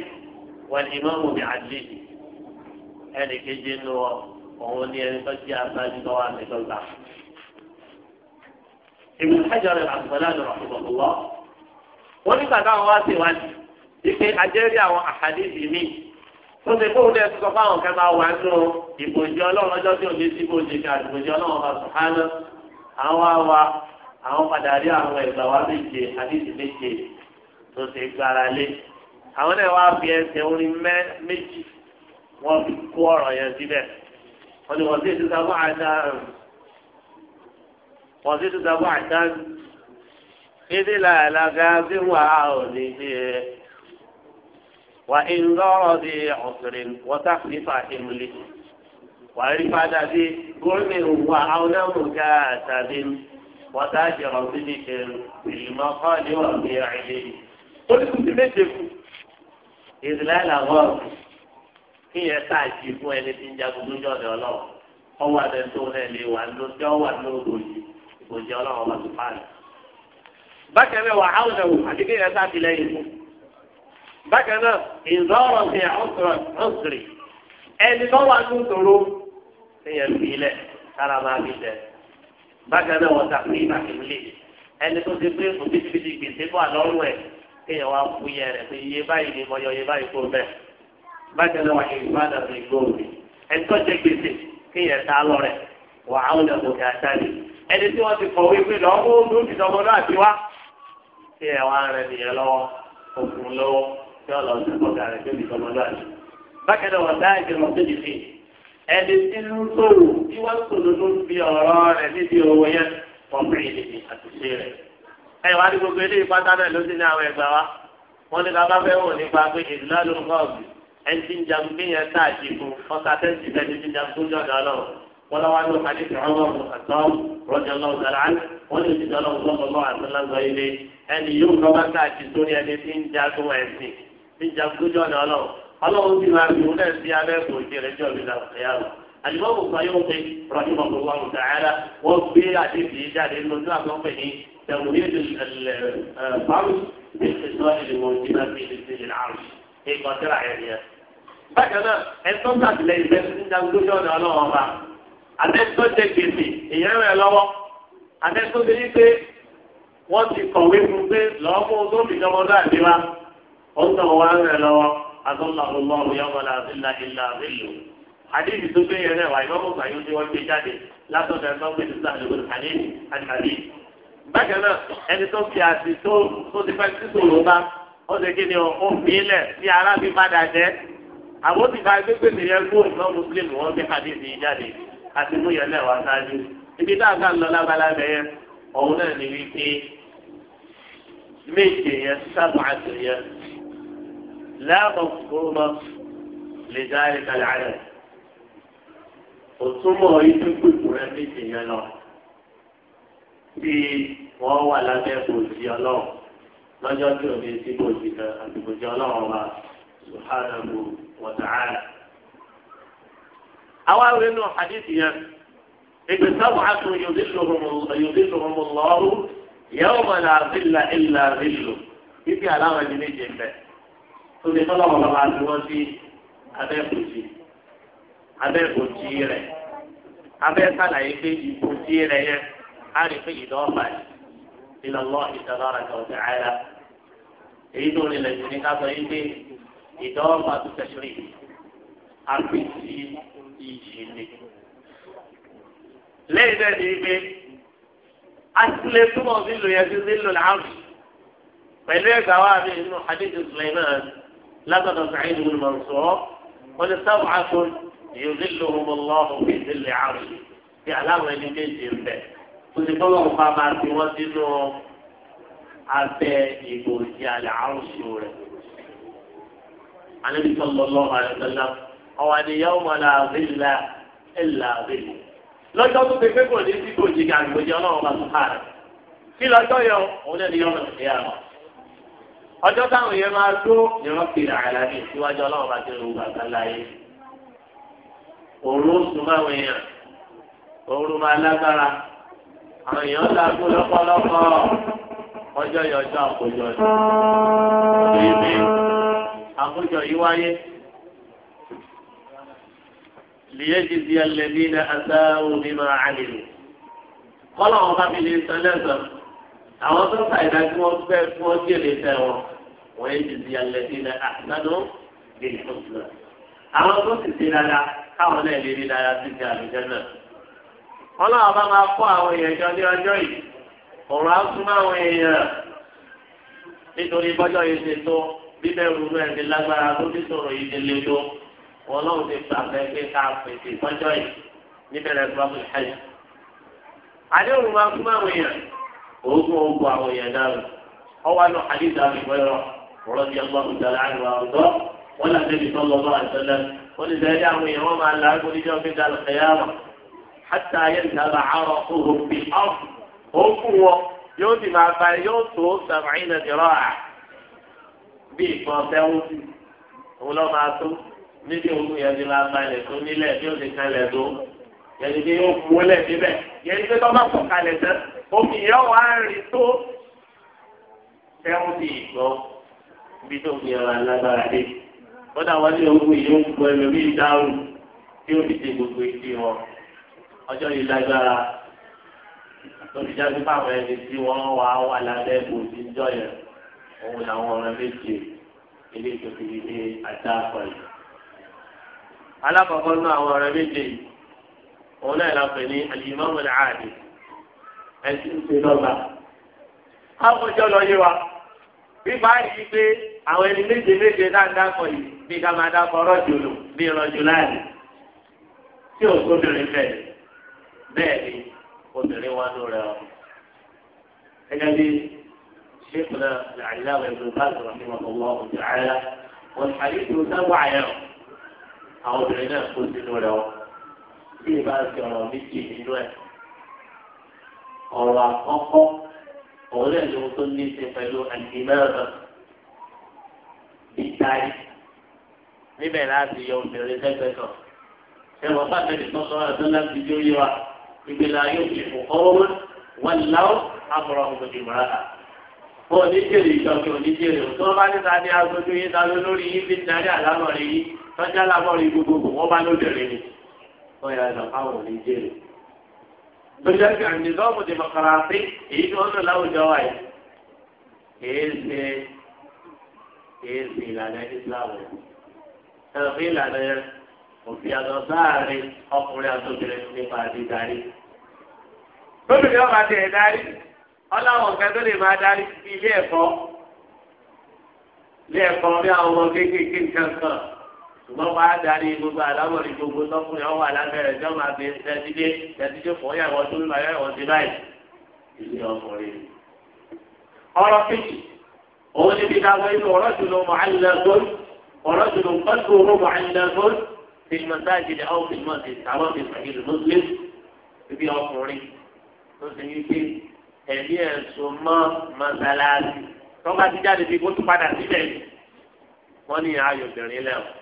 wọ́n ní ìmọ̀ òbí àdéhì ẹnì kejì nínú wọn òun ní ẹni tó jẹ́ aṣáájú tó wà ní dọ́gba. ìbùsùn Hajar al-Asqalani rahimahullah ìpè àjẹrí àwọn àhàdìsì mi tó ṣe kóhùn dẹ́ sọ fáwọn kẹ́ máa wà nínú ìbòjì ọlọ́run ọjọ́ tí òde sí ìbòjì ká ìbòjì ọlọ́run ọba sùhánà àwọn àwa àwọn padà rí àwọn ẹ̀gbà wa méje àdìsì méje tó ṣe gbára lé àwọn náà wá fi ẹsẹ̀ orin mẹ́ méjì wọ́n fi kó ọ̀rọ̀ yẹn síbẹ̀ wọ́n ní wọ́n sì ti sábà àdáhùn wọ́n sì ti sábà àdáhùn. ní وإن ضر ذي عسر وتخفف حمله وعرفت ذي قرم وعون مكاتب وتاجر بذكر بالمقال والبيعه قل كنت مدف إذ لا لغار kí yẹn tá a jí fún ẹni tí ń jagun lójú ọ̀dọ̀ ọlọ́run ọwọ́ abẹ tó rẹ̀ lè wà lójú ọwọ́ àdúrógbò yìí kò jẹ́ ọlọ́run ọba tó bá rẹ̀. bákẹ́rẹ́ wà áwọn ẹ̀wò àti kí yẹn tá a ti lẹ́yìn fún bákan náà ìzọ́rọ̀ fi ọ̀sọ̀rọ̀ ọ̀sọ̀rì ẹni tó wà ní ìṣòro ẹ̀yẹ̀ fi ilẹ̀ kára máa fi tẹ̀ bákan náà wọ́n tàbí ìbàkìlì ẹni tó ti pé òbítíbitì gbèsè bọ́ àlọ́rùn ẹ̀ kéèyàn wá fún iye rẹ̀ pé iye báyìí ni mo iye báyìí kó bẹ́ẹ̀ bákan náà wà ní ìbáda fi gbòòrè ẹni tó jẹ gbèsè kéèyàn ta lọ rẹ̀ wà áwọn ẹ̀kọ́ kí tí ọ̀la ọ̀sẹ̀ kọ̀ọ̀kan rẹ̀ tó di tọmọlúwàbí. bákan náà wọ́n dá ìgbìmọ̀ tó di fi ẹni tí ń sòwò tí wọ́n sòdò ló ń fi ọ̀rọ̀ rẹ̀ níbi owó yẹn kọ̀ọ̀kan ìdìbì àtúnṣe rẹ̀. ẹ wá ní gbogbo eléyìí pátá náà ló ti ní àwọn ẹgbàá wa wọ́n ní bàbá fẹ́ wò nípa pé ìdílá ló ń kọ́ọ̀bù ẹni tí ń jàm bí yẹn tá àjì fún ọ̀sà tẹ́sí tẹ́sí ti jàm tó jọ̀dọ̀ ọlọ́run wọ́n lọ́wọ́ ló kàdé fi ọmọ ọ̀sán rọ́jò lọ́wọ́ sàrà án wọ́n lè ti dọ́lọ́wọ́ lọ́wọ́ lọ́wọ́ àtúnlá níjà gbójọ́ ni ọlọ́run ọlọ́run ti máa fi wúlẹ̀ sí abẹ́ kò jẹ́ rẹ̀ jọ mi làwọn ẹ̀yà lọ. àdìmọ́ kò fà yóò pé rọ́bì mọ̀ gbogbo àwọn tààrà wọ́n gbé àdébì yìí jáde lójú àgbọ̀pẹ̀ ní tẹ̀wọ̀n ní ètò ìṣẹ̀lẹ̀ wọ́n ti kọ̀wé fún pé lọ́wọ́ fún olómìnira ọmọdé àdéhùn ọ̀tọ̀ wa ń rẹ̀ lọ́wọ́ adúláwọ̀ ọ̀hún yọ̀mọ̀lá àbílà ìlà àbílù. Àdéhì tó gbé yẹn rẹwà ìmọ̀ mọ̀gbà yóò tí wọ́n gbé jáde látọ̀dọ̀ ẹ̀fọ́ pé títà lè wọlé àdéhì àdàbí. Bákan náà ẹni tó fi àti tó tó ti fẹ́ sí sòrò bá ó ṣe kí ni ó fi ilẹ̀ tí ara fi padà jẹ́. Àbó ti fa gbégbé nìyẹn kó ìmọ̀ mùsùlùmí wọn gbé àdéhì yìí jáde àti mú yẹn lẹ́wà sáájú. Ibi tá a kà ń lọ lábala bẹ́ẹ̀ ọ̀hún náà ni wípé méje yẹn sábà àti yẹn láàbọ̀ kúrò lè dá ẹ̀ka láàrẹ̀. òtúmọ̀ ikú pípù rẹ méjì yẹn lọ. bí wọ́n wà lábẹ́ bòjì ọlọ́run lọ́jọ́ tí ò ní sí bòjì kan àti bòjì ọlọ́run wa subhanahu wa ta'ala. àwa rẹ̀ nù hadithi yẹn. إذ سبعة يظلهم يظلهم الله يوم لا ظل إلا ظله. إذا لا وجه نجم tóbi tọ́lọ̀ wọn lọ́wọ́ àti wọ́n sí abẹ́kùtì abẹ́kùtì rẹ̀ abẹ́sàlàyé pé ìkùtì rẹ̀ yẹn á rí pé ìdọ́ọ̀fà yìí lọ́lọ́ ìtàlára kan ọ̀tẹ̀ àyà èyí tó rìnlẹ̀ sí ní ká sọ yìí pé ìdọ́ọ̀fà tó tẹ̀sírì àpèsè ìyì ni. lẹ́yìn náà ni pé asílẹ̀ túmọ̀ sílò yẹn ti sílò làárù pẹ̀lú ẹ̀gbà wa mi nínú hadith Sulaiman látọ̀dọ̀ sàyìn ìlú mọ̀nsọ́ wọ́n ti sábà àtún ìyọ̀dílò ọmọlọ́hùn fi ìdílé àrùn bí aláwọ̀ ẹni méje ń bẹ̀. ó ti gbọ́dọ̀ fún bàbá tí wọ́n ti nù abẹ́ ìbò ti àlẹ́ àrùn sí rẹ̀. alẹ́ bí sọ́lọ́ lọ́wọ́ àyọ̀dọ́lá ọ̀wà ni yẹ́wò mọ́lá àbílá ẹ̀là àbílá. lọ́jọ́ tó pépé kò ní sí kò jìgà àgbòjì ọlọ́run bá tó ọjọ́ táwọn yẹn máa tó ìran kiri àlá ní ìsíwájú ọlọ́run bá ti rú bàbá láyé òru sùn máwọn èèyàn òru máa lágbára àwọn èèyàn lágbó lọ́pọ̀lọpọ̀ ọjọ́ yìí ọjọ́ àkójọ ni èmi àkójọ yìí wáyé lìyẹ́jì di ẹlẹ́bí ní asáwò mímọ́ àlè kọ́lọ́ bá fi lè sọ lẹ́sọ̀ọ́ àwọn tó fà ìdá tí wọ́n fẹ́ fún ọ jèlè fẹ́ wọn wọ́n yé ti di alẹ́ sí ilẹ̀ àtúntò lè tó sílẹ̀. àwọn tó sì ti dada káwọn náà lè rí dada sí ti àlùjẹ náà. wọn náà bá máa kó àwọn èèyàn jọ ní ọjọ́ yìí ọ̀rọ̀ á àwọn èèyàn nítorí bọ́jọ́ yìí ti tó bíbẹ̀rù rẹ̀ ti lágbára tó ti sọ̀rọ̀ yìí ti le tó wọn náà ti fà fẹ́ pé ká pèsè bọ́jọ́ yìí níbẹ̀rẹ̀ gbọ́dọ̀ àdéhùn máa súnmọ́ àwọn èèyàn oògùn oògùn àwọn èèyàn dàrú ọwọ́ àná àdìsá mi gbẹ́rọ rọ́bì ọlọ́run dàrú àrùn àwùjọ wọn là débi sọ́lọ́ bá àtẹlẹ wọn lè dẹ́rẹ́ àwọn èèyàn wọn máa làágùn níjọ́ fi dàrú kẹyàmà hàtà ayé ìtàbà àrọ̀ òhùn fi ọ̀f òkun wọn yóò sì máa fa yóò tó sàmàyìn náà dìrọ̀ à bí ìfọ̀n fẹ́wọ́n sí òun lọ́ máa tó níbi òun yẹn ti máa balẹ̀ tó nílẹ̀ bí ó ti kalẹ̀ tó yẹn ti yóò múlẹ̀ níbẹ̀ yẹn ti tó bá kọ̀ kalẹ̀ tẹ́ omi yẹn wà á rìn tó sẹ́wọ́n bí ìgbọ́n bí tó fi ọ̀rọ̀ alágbára dé kódà wọn ní ogun yìí ń gbọ́ ẹlòmíì dáhùn tí ó fi ṣe gbogbo ìdí wọn ọjọ́ yìí lágbára lórí jáde báwọn ẹni tí wọ́n wà á wà lábẹ́ òsì ńjọ́ yẹn òun làwọn ọ̀rẹ́ méje ilé ìtòkì ilé ajá àpọ̀lẹ̀. alákọ̀ọ́kọ́ náà àwọn ọ̀rẹ́ méje yìí òun náà la pè ní alimami al'adi ẹ̀sìn ṣe lọ́gbà. Àwùjọ lọ yé wa, bíbá yìí pé àwọn ẹni méje méje náà ń dákọ̀ yìí bí ká máa dákọ̀ rọ́jò lò bí rọ́jò láàyè. Tí o sóbìnrin fẹ̀, bẹ́ẹ̀ ni obìnrin wọn ló rẹ̀ ọ́. Gẹ́gẹ́ bí شيخنا العلامة ابن باز رحمه الله تعالى والحديث يتابع له أو بعناه قلت له في بعض كرامته من وجه ọ̀rọ̀ àkọ́kọ́ òun lè lo tó ní ṣe pẹ̀lú àdìmẹ́rẹ̀ ìtayì níbẹ̀ láti yọ obìnrin lẹ́gbẹ̀ẹ́sọ̀ ṣé wọ́n bá tẹ̀lé tọ́sọ́ àti láti jó yé wa ìgbéra yóò fi òkòrò wọn láwọ́ àbúrò ọ̀gbìn ìmọ̀ràn wọn oníjèrè ìjọba oníjèrè tó bá ní ta ní aṣojú yín ta lórí yín fi darí àlámọ̀rí yín tọ́jà lámọ̀rí gbogbogbò wọ́n bá lóbìnrin ni wọ́n yà lọ́pàá wọn oníjèrè lójú ẹgbẹ́ ànìzọ́ọ̀mù dìmọ̀kàràsì èyí tí wọ́n lò láwùjọ wa yìí kìí ṣe kìí ṣe ìlànà Islam ẹ̀rọ fún ìlànà yẹn òfin àtọ̀ sáàrin ọkùnrin àtòkìrin nípa àdìdarí. lóbìnrin ọba ti ẹ̀ darí ọláwọ̀n kan tó lè máa darí ilé ẹ̀kọ́ ilé ẹ̀kọ́ bí àwọn ọmọ kéékèèké nǹkan kan ṣùgbọ́n wàá darí gbogbo àlámọ̀rí gbogbo tọkùnrin ọwọ́ alábẹ́rẹ́ jọ́ máa fi tẹ́tídé tẹ́tídé fún yàrá ọdún bá yàrá ọdún báyìí ilé ọkùnrin. ọ̀rọ̀ kejì òun níbi dáwọ́ inú ọ̀rọ̀ jùlọ mọ̀hánilẹ́gbọ́n ọ̀rọ̀ jùlọ pẹ́ẹ́tù owó mọ̀hánilẹ́gbọ́n fi mọ̀sáàjì ní àwọn fìmọ̀ ti sàmọ́ fi sàkílù muslim ibi ọkùnrin tó ti ní pé ẹ̀mí ẹ̀sùn mọ́ mọ́sálásì tọ́ba ti jáde bí kó tún padà sílẹ̀ wọ́n ní ayọ̀bìnrin lẹ́wọ̀n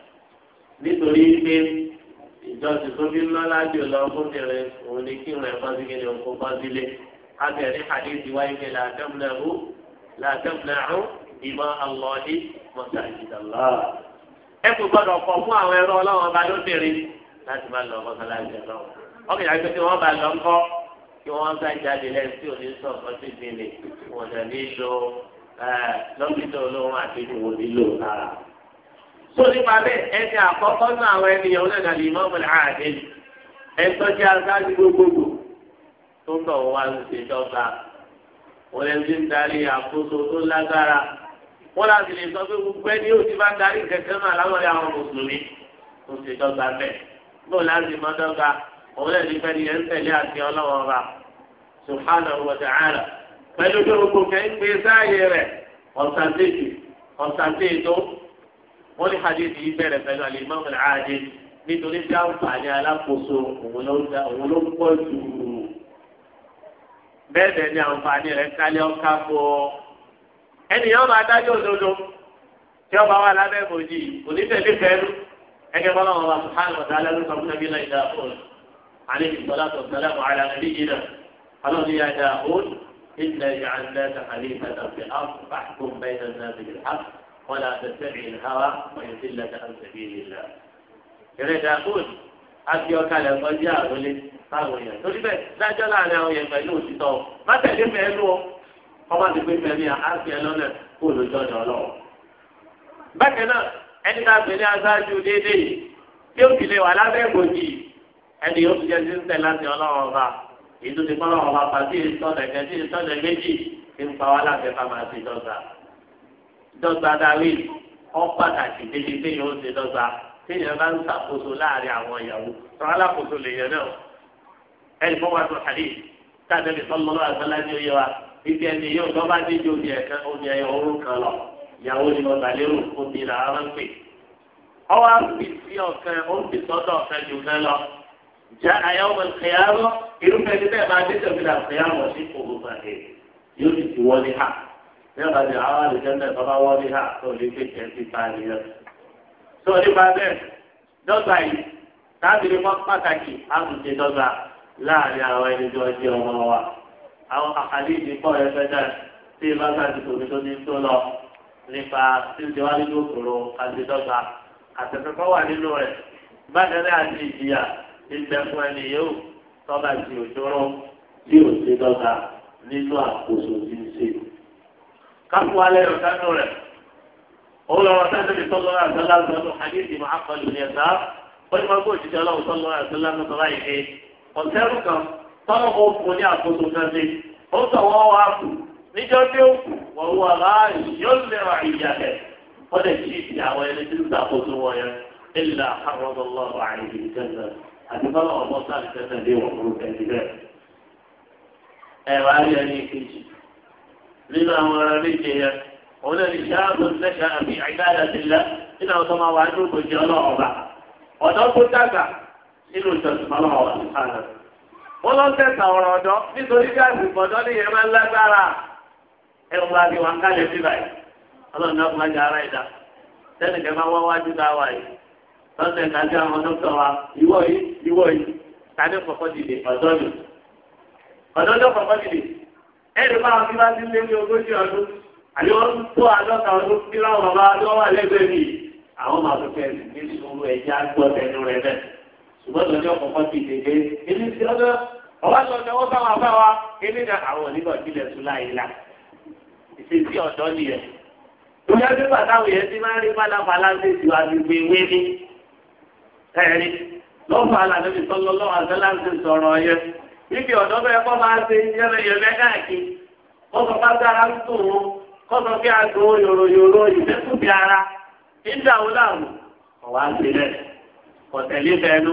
nítorí pé ìjọsìn tó fi lọ́lá jù lọ fúnbẹ̀rẹ̀ òun ni kí rẹ̀ bá sígi ni òun kó bá sílé abẹ̀rẹ̀ àdéhùn wáyé pé làtẹ́mùnàrú làtẹ́mùnàrú ìmọ̀ àlọ́ọ̀dí mọ̀tàjìdàlá. ẹ kò gbọdọ̀ kọ̀ fún àwọn ẹ̀rọ ọlọ́run ọba lóbìnrin láti má lọ mọ́sálásí ọlọ́run. ọkọ̀ ìyá pé kí wọ́n bá lọ ńkọ́ kí wọ́n bá jáde lẹ́yìn òní tó nípa bẹ́ẹ̀ ẹni àkọ́kọ́ náà àwọn ènìyàn náà dàbí ìmọ̀ọ́mù ààrẹ ẹ̀tọ́ jẹ́ aṣáájú gbogbogbò tó ń bọ̀ wá ń ṣe dọ́gba wọ́n lè fi ń darí àkóso tó lágbára wọ́n láti lè sọ pé gbogbo ẹni yóò ti bá darí kẹ̀kẹ́ náà láwọn àwọn mùsùlùmí tó ṣe dọ́gba bẹ́ẹ̀ bó láti mọ dọ́gba òun lè ní fẹ́ni yẹn ń tẹ̀lé àti ọlọ́wọ́n wọ́n ní hadith yìí bẹ̀rẹ̀ pẹ̀lú alimami alhaji nítorí tí àǹfààní alákòóso òun ló ń pọ̀ jù bẹ́ẹ̀ bẹ́ẹ̀ ni àǹfààní rẹ̀ kálí ọ̀ká fọ́ ẹnìyàn máa dájọ́ òdodo tí ọba wa lábẹ́ bòjì onítẹ̀lé fẹ́ẹ́rú ẹgbẹ́ bọ́lá wọn bá sùhánù ọ̀dà alẹ́ sọ fún ẹbí náà ìdá fún alẹ́ ìgbọ́lá tó sọlá mọ́ alẹ́ àbí yìí náà ọlọ́run yà ولا تتبع الهوى ويضلك عن سبيل الله eré dàkún àti ọkàlẹ̀ kọjá àròlé táwọn èèyàn torí bẹ́ẹ̀ dájọ́ láàrin àwọn èèyàn pẹ̀lú òtítọ́ má tẹ̀lé mẹ́lú ọ ọba ti pé mẹ́lí àti ẹlọ́nà kó lójọ́ ni ọlọ́wọ́. bákan náà ẹni tá a pè ní aṣáájú déédéé tí ó kìlẹ̀ wà lábẹ́ ìbòjì ẹni yóò fi jẹ́ sí ń tẹ̀ láti ọlọ́wọ́ ọba èyí tó ti pọ́ ọlọ́wọ́ ọba pàtí ìtọ́nà ẹ̀kẹ́ sí ìtọ́nà méjì ti ń pa wá láti ká máa ti dọ́gba dọ́gba darí ọ pàtàkì débi téèyàn ó ṣe dọ́gba téèyàn bá ń ṣàkóso láàrin àwọn ìyàwó tọ́lá alákòóso lèèyàn náà ẹnì fún wa tó hàlì káàdébì sọlọ́lọ́ àgbàlájú yẹ wa ibi ẹni yóò tọ́ bá dídí omi ẹ̀ka omi ẹ̀yọ orú kan lọ ìyàwó ni mo gbà lérò omi là á ń pè ọwọ́ àbí sí ọ̀kan ó ń bì sọ́dọ̀ ọ̀kan jù kan lọ já àyàwó kẹyàrọ irúfẹ́ ní máa dé nígbà tí àwọn àlùjẹ́ńdẹ̀ tó bá wọ́n ní hà tó lè kéèké ti ta nìyẹn. tó nípa bẹ́ẹ̀ dọ́gba yìí tábìlì mọ́ pàtàkì àtúnṣe dọ́gba láàrin àwọn ẹni tó ọjọ́ ọmọ wa. àwọn àkàlí ìdí pọ̀ ẹgbẹ́ náà tí ìbáṣà ti tòbi tó ní tó lọ nípa tíńtì wá nínú òkòrò àti dọ́gba àtẹ̀kẹ́kọ́ wà nínú rẹ̀ bákẹ́rẹ́ àti ìjìyà ìgbẹ́fún ẹni yóò tọ́ba ti òjòrò tí ò ṣe dọ́gba nínú àkóso tí ń ṣe kápú alẹ́ rẹ̀ sánú rẹ̀ òun lọ́wọ́ sẹ́ńtẹ́ mi sọ́lọ́ rẹ̀ sọ́lá sọ́lọ́ hadithi muhammadu ni ẹ̀sà wọ́n ti máa gbọ́ òjijì ọlọ́run sọ́lọ́ rẹ̀ sọ́lá ní sọ́lá yìí ṣe ọ̀sẹ́rù kan tọ́lọ́ kó fún ní àkóso kan sí ó sọ wọ́n wá kù níjọ́ tí ó kù wọ́n wà láàyè yóò lè ra ìyá rẹ̀ wọ́n lè ṣí ìdí àwọn ẹni tí ń ṣàkóso wọn yẹn ilà àrọ́dọ́lọ́rọ̀ àìyí ìjẹ́nà àti bọ́lá ọ̀bọ́sà ìjẹ́nà lé wọ̀ nínú àwọn ará méje yẹn òun náà a sáàbù lẹ́sà àbí àgbàdà sílẹ̀ nínú àwọn tó máa wà nínú òjì ọlọ́wọ́ bá ọ̀dọ́ tó dàgbà nínú ìjọsìn ọlọ́wọ́ bá nìkan. wọ́n lọ tẹ̀sà ọ̀rọ̀ ọ̀dọ́ nítorí gáàsì ìbọ̀dọ́ ní ìyẹn máa ń lágbára ẹ̀rù wa ni wà ń kálẹ̀ sí báyìí ọlọ́run náà máa jẹ ara a wà yìí lọ́sẹ̀ ẹ̀rì máa fi máa ti lé ní ogójì ọdún àti wọ́n tó àádọ́ta ọdún tí láwọn bàbá tó wà lẹ́gbẹ̀ẹ́ mi àwọn máa fẹ́ ní sùúrù ẹ̀jẹ̀ àgbọ̀ tẹnu rẹ̀ bẹ́ẹ̀ ṣùgbọ́n lọ́jọ́ kọ̀ọ̀kan ti dèdè èmi ti lọ́jọ́ ọba tó ọjọ́ wọ́n sáwọn afẹ́ wa èmi náà àwọn onígbà ìbílẹ̀ tún láyé la ìṣesí ọ̀dọ́ nìyẹn ìyá bí bàtàwọn yẹn ti máa ń rí pálapàla ṣe ti wá gbogbo ewé ní ẹ̀rí lọ́fà ibi ọ̀dọ́ bẹ́ẹ̀ kọ́ máa ṣe yẹ́lẹ́yẹ̀lẹ́ káàkiri kó sọ bá dára ń tò ó kó sọ bí àgbo yòròyòrò ìfẹ́kùn bí ara nígbà wo ọ̀wá ń ṣe lẹ̀ kọ̀tẹ̀lé fẹ́nu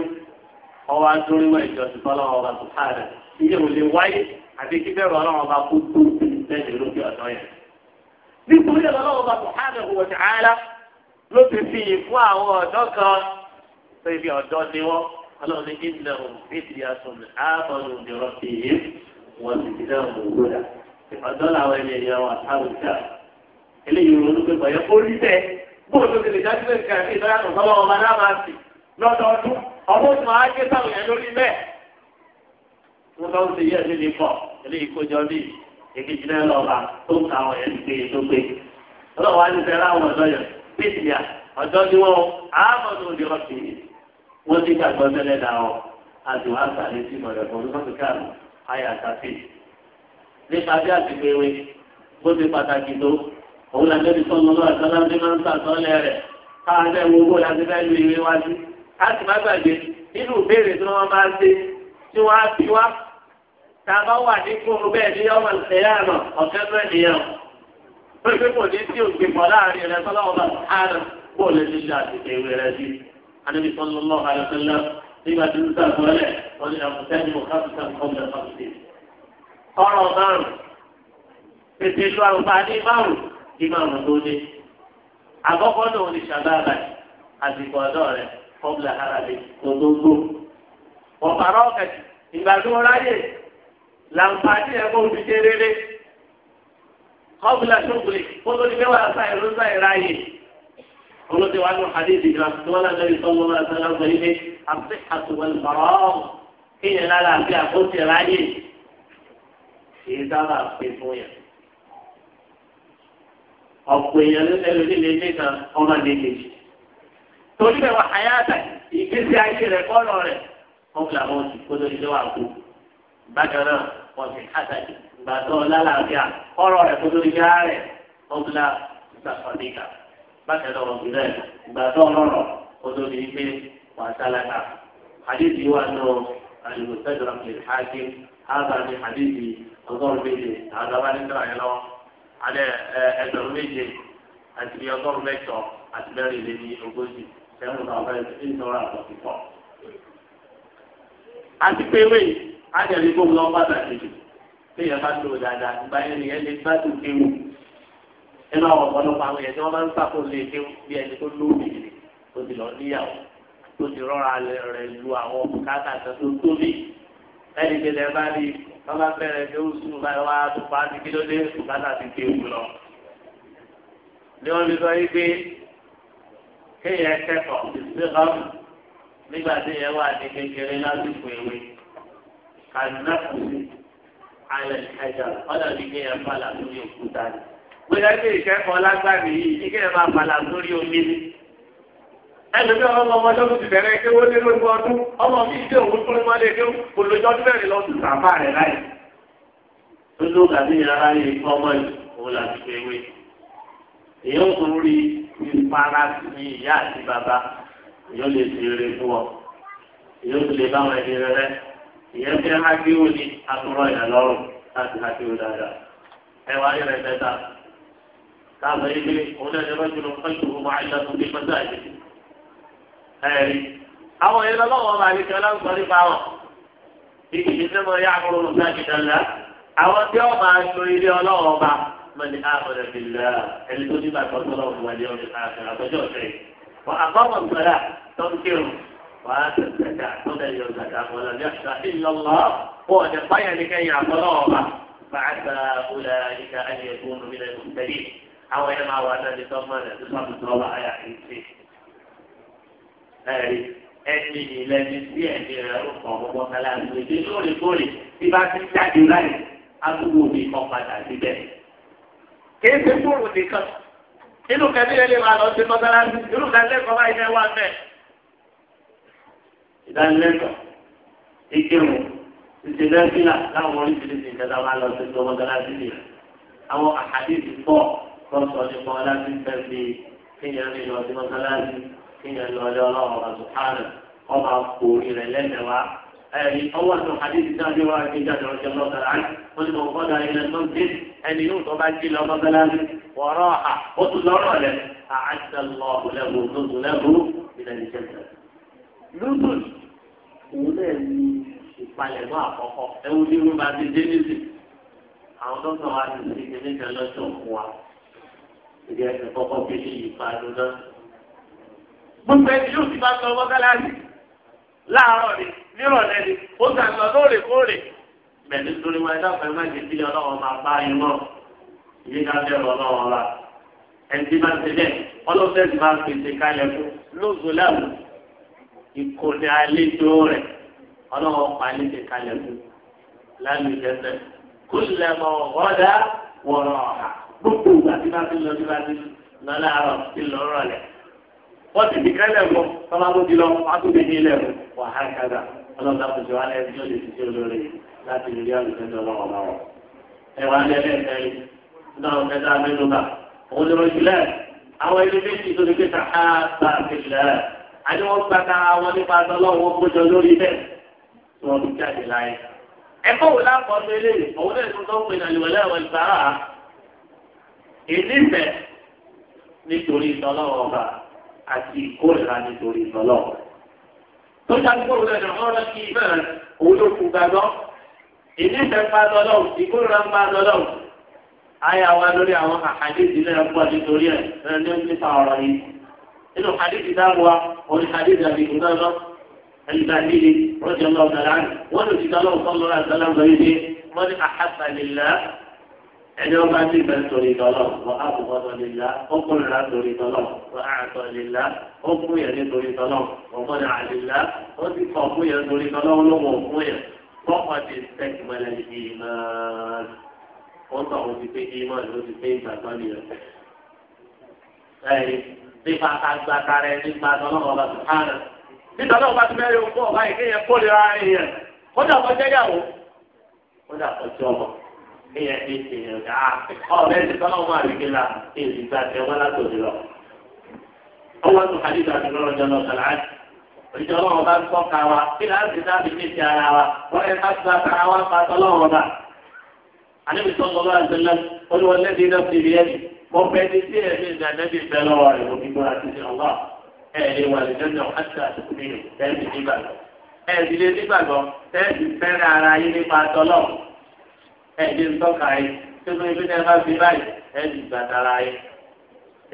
ọwọ́ wọn ìjọ ti ọba tó káàdà iye ò lè wáyé àti kí bẹ́ẹ̀ kó tó lókè ọ̀dọ́ yẹn. nítorí tó káàdà ọlọ́run ní ìlà òun fèsì àtúnmí ààbọ̀nù ìrọ̀ sí yìí wọ́n ti dá òun gbọ́dà ìpàdán làwọn ẹni ẹ̀yà wà sáwùjá eléyìí ronú pé bọ̀yẹ kó rí bẹ́ẹ̀ bóòtú ti lè dájú pé nǹkan àti ìtọ́jà tó sọ́wọ́ ọba náà máa sì lọ́dọọdún ọmọ tó máa gé sáwọn yẹn lórí bẹ́ẹ̀. wọ́n bá ń ṣe yẹ́ ẹ̀sìn nìkọ̀ eléyìí kójọ bí èkejì náà lọ́ba tó ń ka àwọn ẹ̀sìn gbé tó gbé. ọlọ́wọ́ á ti fẹ́ láwọn ọ̀dọ́ yẹn pétìlíà ọ̀dọ́ ni wọ́n á mọ̀ ní òde ọ̀sìn yìí wọ́n ti gbàgbọ́ mẹ́lẹ̀ náà ọ́ àdùn àgbàlẹ̀ sí ìmọ̀lẹ̀ ọ̀dún tó ti káàmù àyà àtàkì. nípa bí àtìpé wé bó ti pàtàkì tó òun làbẹ́ ti sọ́nù lọ́wọ́ àtọ́lá ní máa ń sàtọ́lẹ̀ rẹ̀ káàdé wo owó láti fẹ́ lu ìwé wá sí. a sì má gbàgbé nínú ìbéèrè tí wọ́n máa ń ṣe tí wọ́n á fi wá. tá a bá wà ní kúrú bẹ́ẹ̀ ní ọmọ ìṣẹ̀yà àná ọ̀kẹ́ fẹ́ nìyẹn. pé pé kò ní sí òkè pọ̀ láàrin rẹ̀ sọ́lọ́wọ́ bá a rẹ̀ bó lè ti ṣe àtìpé wé rẹ̀ sí. النبي صلى الله عليه وسلم لما تنزل ولا ولأمتهم خمسا قبل خمسين قال مارو فتشوا الفاني مارو إمام دوني أبقى دوني شبابا أزيكوا دوري قبل حرابي تدوكو وبركة إما دوراي لأمتهم يقوم بجريري قبل شغلي قلوا لي بيوا أسائر رزا إرايه olóde wa nù hadithi kan tí wọn náà lẹbi sọmọ náà sọlá sọ yìí pé àti àtúwẹ̀lì bàrọ̀ kéèyàn náà láti àkóso ráyè kìí sábà pé fún yẹn. ọ̀pọ̀ èèyàn ló lẹ́nu nílé ilé kan ọmọ nìkejì. torí bẹ́ẹ̀ wà áyáta ìgbésí ayé rẹ̀ kọ́nà rẹ̀ wọ́n fi àwọn oṣù kó lórí lọ́wọ́ àgbo. bákan náà wọ́n fi àtàkì gbàtọ́ lálàáfíà kọ́rọ̀ rẹ̀ kó lórí yára rẹ̀ wọ́n fi lá ìgbà kan níkà bákan náà wọn gbìlẹ̀ ìgbà tó ọlọ́rọ̀ ó tó di pé wàá sálákà hadith yìí wà nù al-Mustadrak lil-Hakim hàbà ní hadith yìí ọgọ́rùn méje àgbàbá ní sọ̀rọ̀ yẹn lọ́wọ́ alẹ́ ẹgbẹ̀rún méje àti bí ọgọ́rùn mẹ́tọ̀ àti mẹ́rin lé ní ogójì sẹ́wọ̀n náà bẹ́ẹ̀ ní sọ̀rọ̀ àpọ̀ pípọ̀. àti pé wéyìí á jẹ̀rí gbogbo ọ nínú àwọn ọ̀pọ̀lọpọ̀ àwọn èèyàn tí wọ́n máa ń sàkó lè dé e bí ẹni tó lóbi ni tó ti lọ níyàwó tó ti rọra rẹ̀ lu àwọn bùkátà kan tó tóbi ẹni pé lẹ́ẹ̀ bá rí wọ́n bá bẹ̀rẹ̀ pé ó sùn báyìí wá tó pa á ti kí ló dé bùkátà ti dé òun lọ. ni wọ́n fi sọ yí pé kéèyàn kẹ́kọ̀ọ́ ìṣèkọ́rù nígbà tí ìyẹn wà ní kékeré lásìkò ìwé kàdínà kùsì àyẹ̀kẹ́jà ọ̀dà ní kéèyàn fà bóyá ilé ìkẹ́kọ̀ọ́ lágbàdì yìí kíkẹ́ ẹ̀ máa bàlà sórí omi ni. ẹlòmí ọmọ ọmọ ọdún ti bẹ̀rẹ̀ kéwó lé lógún ọdún ọmọ mi ìdí òun tó ń wọlé kéwó olùjọ́ ọdún bẹ̀rẹ̀ lọ sùn sàmà rẹ̀ láyé. lójú gàdí ìyára yìí kọ́ ọmọ yìí òun là ti fẹ́ wé. èyí ó tún rí ìpara sí ìyá àti bàbá èyí ó lè ti rere fún ọ. èyí ó tún lè bá wọn ẹni rẹ ìyẹn fi hákéwò ní atúrọ̀ ìyàlọ́rùn láti hákéwò dáadáa. ẹ wá yẹrẹ mẹ́ta táwọn ilé òun ẹni rọ́jùlọ pẹ̀lú máa ń lọ́tún bí pẹ́sẹ́ àìsí. ẹ̀rí àwọn yẹn lọ lọ́wọ́ máa ní kí ọlọ́run sọ nípa wọn. bí kìí ṣe mọ̀ yá àkúrò lọ sáà kìí dàlá. àwọn tí wọ́n máa lo ilé ọlọ́wọ́ ọba mọ̀ ní àbọ̀dẹ̀ bìlá ẹni tó nígbà tó tọ́lọ́ fún wàlẹ́ ọ̀dẹ̀ àtọ́jọ́ ọ̀sẹ̀. wọ́n àkọ́mọ̀ sọ́dà tó ń kírun wọ́n á tẹ̀sẹ̀ká tó dẹ̀yọ̀ zàkà wọ́n lọ́ بعث أولئك أن يكونوا من المهتدين àwọn yẹn máa wà lọ́dẹ tó mọ̀ ní ẹ̀dùn sọ́dún tó wà áyà yìí ṣe. ẹ̀rí ẹni ìlẹ́ni sí ẹ̀mí rẹ̀ ń kọ̀ gbogbo kálá ìgbèdé lóòrèkóòrè tí bá ti jáde láì agbègbè òbí kan padà síbẹ̀. kìí ṣe fóònù nìkan inú kẹ́mí yẹn lè máa lọ sí mọ́sálásí inú kẹ́lẹ́kọ̀ọ́ báyìí náà wà mẹ́. ìdánilẹ́kọ̀ọ́ ìkírun ìṣèlérìlà láwọn oríṣiríṣi ìjọba máa lọ sí mọ́sálásí nìyẹn àwọn àhàdé ti pọ̀ tọ́sọ̀ nípa ọlájú tẹ̀lé kéèyàn ní lọ sí mọ́sálásí kéèyàn lọ lé ọlọ́run ọba sùhánà ọba kòrí rẹ̀ lẹ́nẹ̀wá. ẹ̀rí ọwọ́ tó hadith dájú wá ní ìjàdọ̀ ọjọ́ lọ́sọ̀rọ̀ àti wọ́n ti mọ̀ fọ́dà ilẹ̀ mọ́sálásí ẹni yóò tó bá jí lọ mọ́sálásí wọ̀rọ̀ ọ̀hà ó tún lọ́rọ̀ lẹ̀ àádọ́lọ́ọ̀bù àwọn tó sọ wá ti ṣe kékeré lọ́sọ̀ fún wa ìdí ẹsẹ̀ kọ́kọ́ bí ní ìpanu náà. gbogbo ẹni yóò ti bá sọ mọ́kálásì láàárọ̀ ni nírọ̀lẹ́ ni ó kà sọ lóòrèkóòrè. bẹ̀ẹ́ni torí wọn ẹ̀dá pẹ̀lú máa ń tẹ̀lé ọlọ́wọ́n máa bá yín mọ́ ìdí ká bẹ̀rù ọlọ́wọ́n la. ẹni máa ń tẹ̀lé ọlọ́fẹ́ ti máa ń pèsè kalẹ̀ fún lóòzó lẹ́wọ̀n ìkòlẹ̀ àlejò rẹ̀ ọlọ́wọ́n pa àlejò kalẹ̀ fún lálùjẹ́sẹ̀ kó lẹ́mọ̀ ọ̀dà wọ̀rọ̀ ọ̀hà gbogbo ìgbà tí bá ti lọ sí bá ti lọ láàárọ̀ ti lọ rọlẹ̀ wọ́n ti dìkan lẹ́kọ̀ọ́ tọ́lá ló di lọ wọ́n tún dèjì lẹ́kọ̀ọ́ wà á kàdà ọlọ́dà kò jọ alẹ́ tí ó lè ti ṣe olóore láti rí àlùfẹ́dọ̀ lọ́wọ́ lọ́wọ́ ẹ̀wà lẹ́lẹ́ ẹ̀yìn náà mẹ́ta mẹ́nu bá òun lọ́rọ̀ jùlẹ̀ àwọn ilé méjì tó ní pé sàkà bá fìlẹ̀ àti wọ́n gbàgbà wọn nípa tọ́lọ́wọ́ gbọ́jọ lórí bẹ́ẹ̀ tí wọ́n fi jáde láyé ẹ̀kọ́ wò lápọ̀ ìnífẹ̀ nítorí ìtọ́lọ́wọ́ ọba àti ìkórìíra nítorí ìtọ́lọ́wọ́. tó ṣàkóso ìrẹ̀lẹ̀ ọ̀rọ̀ kí ibẹ̀ òun ló kú gbàgbọ́. ìnífẹ̀ ń bá lọ́lọ́wọ́ ìkórìíra ń bá lọ́lọ́wọ́. àyà wa lórí àwọn àhàdìsí náà pọ̀ nítorí ẹ̀ ẹ̀ ní nípa ọ̀rọ̀ yìí. inú àhàdìsí dáwọ́ orí àhàdìsí àbíkú náà lọ. البهلي صلى الله عليه وسلم من أحب لله ẹni ọba ní ìfẹ́ sórí tọ́lọ̀ wọ àbùkọ́tọ̀ lílá ó kún ìlà sórí tọ́lọ̀ wọ àtọ̀ lílá ó kún yẹn nítorí tọ́lọ̀ wọ kọ́nà àlílá ó sì kọ̀ fún yẹn sórí tọ́lọ̀ olówó fún yẹn tọ́kọ̀ ti tẹ́kì mọ́lẹ̀ ìmọ̀ ó tọ̀ ó ti pé ìmọ̀ ló ti pé ìgbàgbọ́ nìyẹn. ẹ̀yìn kéèyàn ti ṣèyàn dá ọ̀rẹ́ ti sọ́nà wọn àríkè la èyí gba tẹ wọn látòdì lọ. ọwọ́ tó kàdí ìgbà tó lọ́rọ̀ jọ lọ sọ̀rọ̀ àti òjò ọlọ́run bá ń tọ́ka wa kí láti dábì ní ti ara wa wọ́n yẹ ká gba ara wa pa tọ́lọ́run bá. àníbi tó ń lọ lọ́wọ́ àti lọ́wọ́ olúwọlé ní iná ti rí ẹ̀ mo fẹ́ ní sí ẹ̀mí ìdánẹ́bí fẹ́ lọ́wọ́ rẹ̀ mo àti àtúntò mi ẹ̀ẹ́dì ẹ̀jẹ̀ ń tọ́ka yìí sínú ibi náà bá fi báyìí ẹ̀jẹ̀ gbàdára yìí.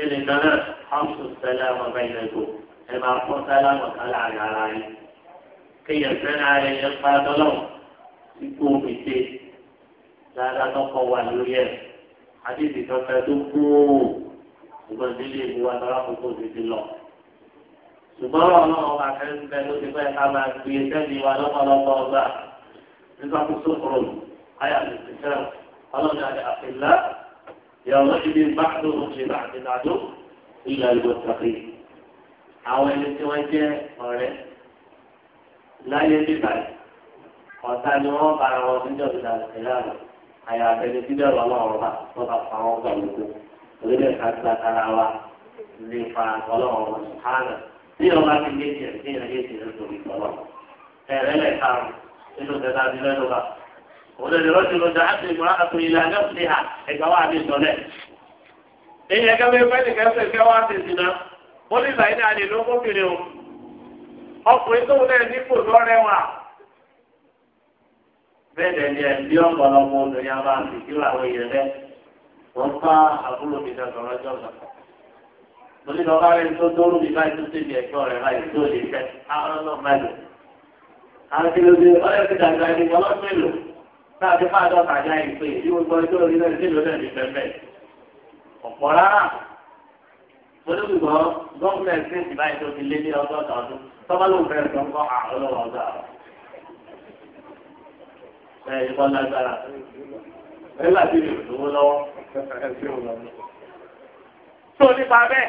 ilé náà hamsu sálámà báyìí lẹ́kọ̀ọ́ ẹ máa fọ́ sálámà kálá ara yìí. kéèyàn sẹ́nà rẹ̀ yẹn pa dọ́lọ́ ikú omi dé dáadáa tọkọ wà lórí ẹ̀ àdéhùn ìtọ́fẹ́ tó kúrò ṣùgbọ́n nílé ìwà tọ́lá kókó ti lọ ṣùgbọ́n ọlọ́run ọba kẹ́rin ló ti pẹ́ ká máa gbé sẹ́ni wa lọ́pọ̀lọpọ̀ ọgbà nígbà tó sókòrò يومئذ بعضهم لبعض عدو إلا المتقين àwọn ẹni tí wọ́n jẹ́ ọ̀rẹ́ láyé bíbáyìí ọ̀tá ni wọ́n bára wọn níjọ́ ìdá ìlànà àyà àtẹni tí bẹ́ẹ̀ lọ́wọ́ ọ̀rọ̀ bá wọ́n bá pa wọn gbà lóko orílẹ̀ èdè àti àtàrà wa nípa ọlọ́wọ́ wọn sùhánà bí wọ́n bá ti gbé tiẹ̀ sí ìrìn àyè ìṣẹ̀lẹ̀ lórí ìtọ́lọ́ ẹ̀rẹ́lẹ̀ karùn-ún nínú tẹ́tà ti lẹ́nu bá òun lè rọ́jò lọ́jọ́ àti ìmúra àtúnyí ní alẹ́ òsì hà ẹ̀gbá wa ní ìsọ̀lẹ̀. èyí ẹ̀ka bí pẹ́ nìkan ṣe fẹ́ wá sí ìsìn náà pólísà yìí náà lè ló kókèrè o ọkùnrin tóun náà nípò lọ́rẹ́ wà. bẹ́ẹ̀ dẹ̀ ni ẹ̀bí ọ̀pọ̀lọpọ̀ obìnrin àbá àtìkírò àwọn èèyàn rẹ̀ wọ́n bá àbúrò mi náà sọ̀rọ̀ ọjọ́ kan. mo ní lọ́ba rẹ̀ tó dóró mi báyìí tó tẹ̀lé ẹ̀kọ́ rẹ̀ báyìí tó lè fẹ́ àwọn ọlọ́ọ̀ láti máa dọ́ta ajá yìí pé bí gbogbo ẹjọ́ orí náà ṣe lọ́dọ̀ ní pẹ́pẹ́. ọ̀pọ̀ rárá olùgbò gọ́ọ̀mẹ̀ntì ní ìbáyìí tó ti lé ní ọgọ́ta ọdún tọ́ba ló ń bẹ̀rẹ̀ tó ń kọ́ àwọn ọlọ́wọ́ ọ̀gá rẹ̀. ẹ ìbọn lágbára nígbà tí mi lówó lọ́wọ́. tó nípa bẹ́ẹ̀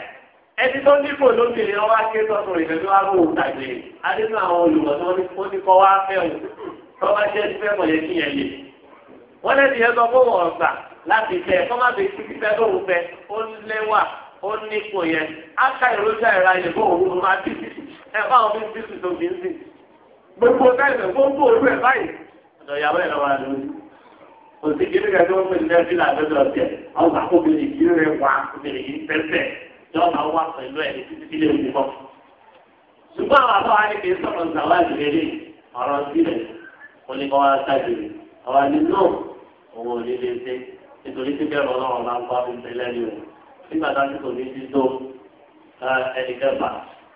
ẹni tó nípò lóbìnrin ọwọ́ akéwì tọ́tù rẹ̀ lọ́wọ́ àwọn òǹtàgbé adé tọ́ba jẹ́ ti fẹ́ mọ̀lẹ́bí yẹn lè. wọ́n lẹ́nu yẹn sọ fún wọn gbà láti fẹ́ tọ́ba fi títí fẹ́ lóhùn fẹ́ ó lẹ́wà ó nípò yẹn á ká ìrójú àìra yẹn fún òun máa bí ẹ̀ bá òun bí bí tó bí ń sìn. gbogbo táyà gbogbo òru ẹ̀ báyìí. ọ̀dọ̀ ìyàwó ẹ̀ lọ́wọ́ àdó òsì kí nígbà tó ń pè ní ẹbí làbẹ́dọ̀ ọ̀tẹ̀ àwọn àkóbìnrin yìí rẹ̀ wá obìnrin yìí pẹ́pẹ́ yọ̀ọ́ máa wà pẹ̀lú ẹ̀ títí sílé òní bọ̀. ṣùgbọ́n àwọn àbọ̀ wa ni kì í sọ̀rọ̀ ìgbà wá ìrẹ̀lẹ̀ ọ̀rọ̀ sílẹ̀ ó ní kọ́ wá sáàgìrì àwa ni náà òun ò ní lè ṣe nítorí tí bẹ́ẹ̀ lọ́wọ́ máa ń pa oúnjẹ lẹ́nu o nígbà tá a ti kò ní dídó ẹnì kẹfà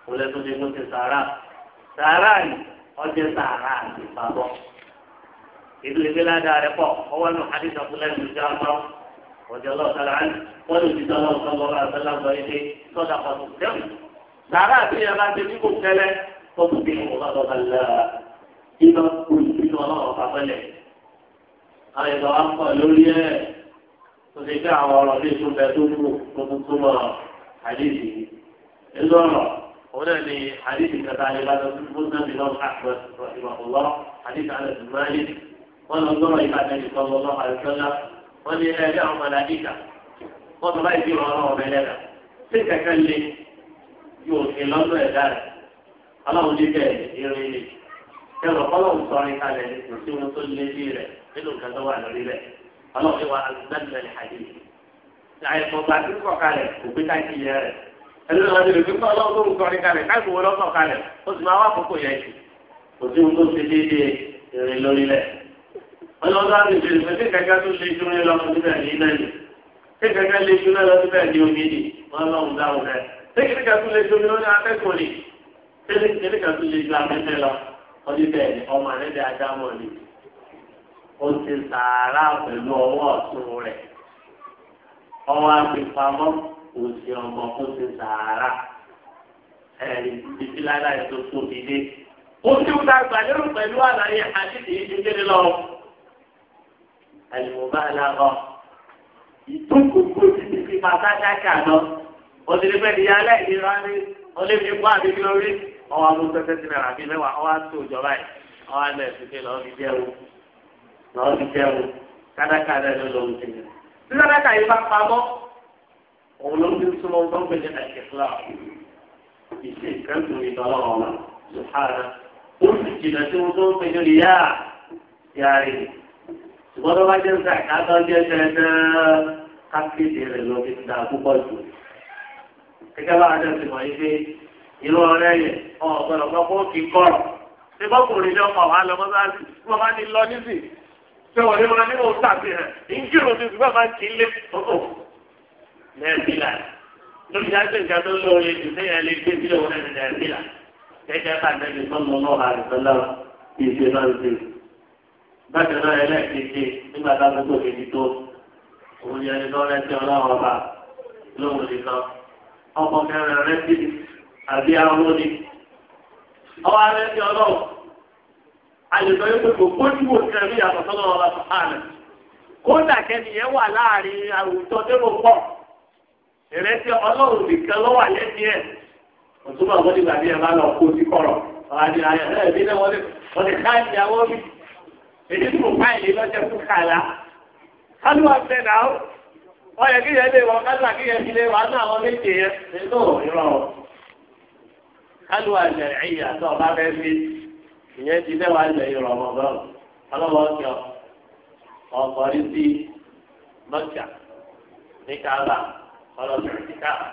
ó lẹ́tọ́ ní kó ti sàárà sàárà ni ọjọ́ sàárà àti ìpamọ́ ìdílé gbé ládàá rẹ pọ̀ ọwọ́ nù àdìsọ́ fúnlẹ̀ ní ìjọ àpá ọjọ́ lọ́sàlá wọ́n lè dídó lọ́sọ̀ lọ́wọ́ àtàlà gbọ́ ilé sọ́dà pàtó sàárà àti ìyàrá ti ní kò tẹ́lẹ̀ tó iná oṣù iná ọlọ́run pàtẹ́lẹ̀. àwọn ìgbà wa pọ̀ lórí ẹ̀ tó ti fẹ́ àwọn ọ̀rọ̀ ní ìtúbẹ tó kù tó tún túmọ̀ àdéhì. nínú ọ̀rọ̀ òun náà ni àdéhì kẹta ni bá tó fún náà nínú àpẹ ìmọ̀kùnlọ́ àdéhì alẹ́ tó máa yé. wọ́n lọ gbọ́rọ̀ ìbàdàn ìtọ́lọ́ lọ́wọ́ àdéhùn wọ́n ní ẹgbẹ́ àwọn mọ̀lẹ́díkà wọ́n tó láì bí ọlọ́run ọ̀bẹ lẹ́dà tí kẹ̀kẹ́ ẹ̀rọ kọ́lọ́hún sọrin kalẹ̀ kò sí ohun tó lé bí rẹ̀ nínú nǹkan tó wà lórí rẹ̀ ọlọ́run ìwà alùpùpù hàdí àìsànba tí ń kọ̀kalẹ̀ kò pé káyì yẹ rẹ̀ ẹlẹ́nu wọn lè fi kọ́ ọlọ́run tó ń sọrin kalẹ̀ káyì wọ́n lọ́kọ̀ kalẹ̀ ó sì máa wá àkókò yẹn jù kò sí ohun tó ṣe déédéé ìrìn lórí rẹ̀ ọlọ́run láti bèrè pé kékeré tó lé júrin lọ síbẹ̀ ní náà ni kékeré lé júrin lọ síbẹ̀ ní omi ni wọ́n lọ́run dáhùn rẹ̀ kékeré tó lé júrin lọ ní atẹ́kùn ni kékeré tó lé júrin lọ wọ́n ti bẹ̀rẹ̀ ní ọmọ ẹlẹ́dẹ̀ adámọ̀ ni ó ti sàárà pẹ̀lú ọwọ́ ọ̀tún rẹ̀ ọwọ́ àgbèpamọ́ kò sí ọmọ ó ti sàárà ẹ̀rí títí láláyé tó tóbi dé. ó ti wúta gbàlérò pẹ̀lú àlàyé àdìsí yìí kékeré lọ. àlùmọ́bá aláwọ̀ ìtókòkò ti ti fi pàtàkì àná òsèlú pẹ̀lú ìyá aláìlera ní olè fi kó àbíkí lórí ọwọ́ amú pẹ́pẹ́ sí náírà bíi mẹ́wàá ọwọ́ àti òjọba yìí ọwọ́ alẹ́ ìfúnpẹ́ lọ́ọ́ fi jẹ́ wo lọ́ọ́ fi jẹ́ wo kádàkà rẹ̀ ló lọ́ọ́ fi jẹ́ tí kádàkà yìí bá pamọ́ òun ló ń fi súnmọ́ tó ń pè ní àìsíkìlá ìṣe ìkẹ́ntù ìdọ́lọ́ ọ̀la sùhárà ó sì jìnà tí wọ́n tó ń pè ní ìyá yàrá tó bá jẹ́ ń sàkà tó jẹ́ tẹ́tẹ́ kákéde rẹ̀ lọ́ọ́ fi dà púpọ̀ jù gẹ́gẹ́ bá a dẹ̀ sì mọ̀ yí pé ìlú ọ̀rẹ́ yẹ ọ̀gbọ̀nà gbọ́ kí n kọ̀rọ̀ ṣé bọ́kùnrin ní ọkọ̀ wa lọ mọ́sáàsì tí wọ́n bá ní lọ nísì ṣé wọ́n ní wọn ní òun ṣàfihàn ìjírò ti fi bàbá kì í lé fọ́tò nàìjíríà lórí jáde nǹkan tó lóore jù sẹ́yìn lè gbé sílẹ̀ wọn ní nàìjíríà gẹ́gẹ́ bá nẹ́bí sọ́nù ọlọ́run àrùsọ́lá ìṣe náà ṣe bákan náà ẹlẹ́ẹ̀kejì nígbà táwọn tó kejì tó òun yẹn àbí àwọn ni. ọwọ́ ara ẹni ọlọ́run àlejò yóò pé kò gbójúwò kẹrin ìyàtọ̀ sọ́nà ọ̀la sọ̀hánà. kódà kẹ́ni yẹn wà láàrin àwùjọ dérò pọ̀ ìrẹsì ọlọ́run nìkan ló wà lẹ́ni ẹ̀. bá lọ kó kọ̀rọ̀ ẹ̀ bí wọ́n ti ká ìyàwó mi. èyí lọ́jọ́ fún kàlá. kálùwà ṣẹ̀rẹ̀ ẹ̀yìn àti ọ̀bá fẹ́ fi ìyẹn ti fẹ́ wà lẹ́yìn rọ̀mọ̀dọ́n ọlọ́wọ́ ọ̀kẹ́ ọ̀kọ́ rí sí mọ́kà ní káàbà ọlọ́sẹ̀ ní káàbà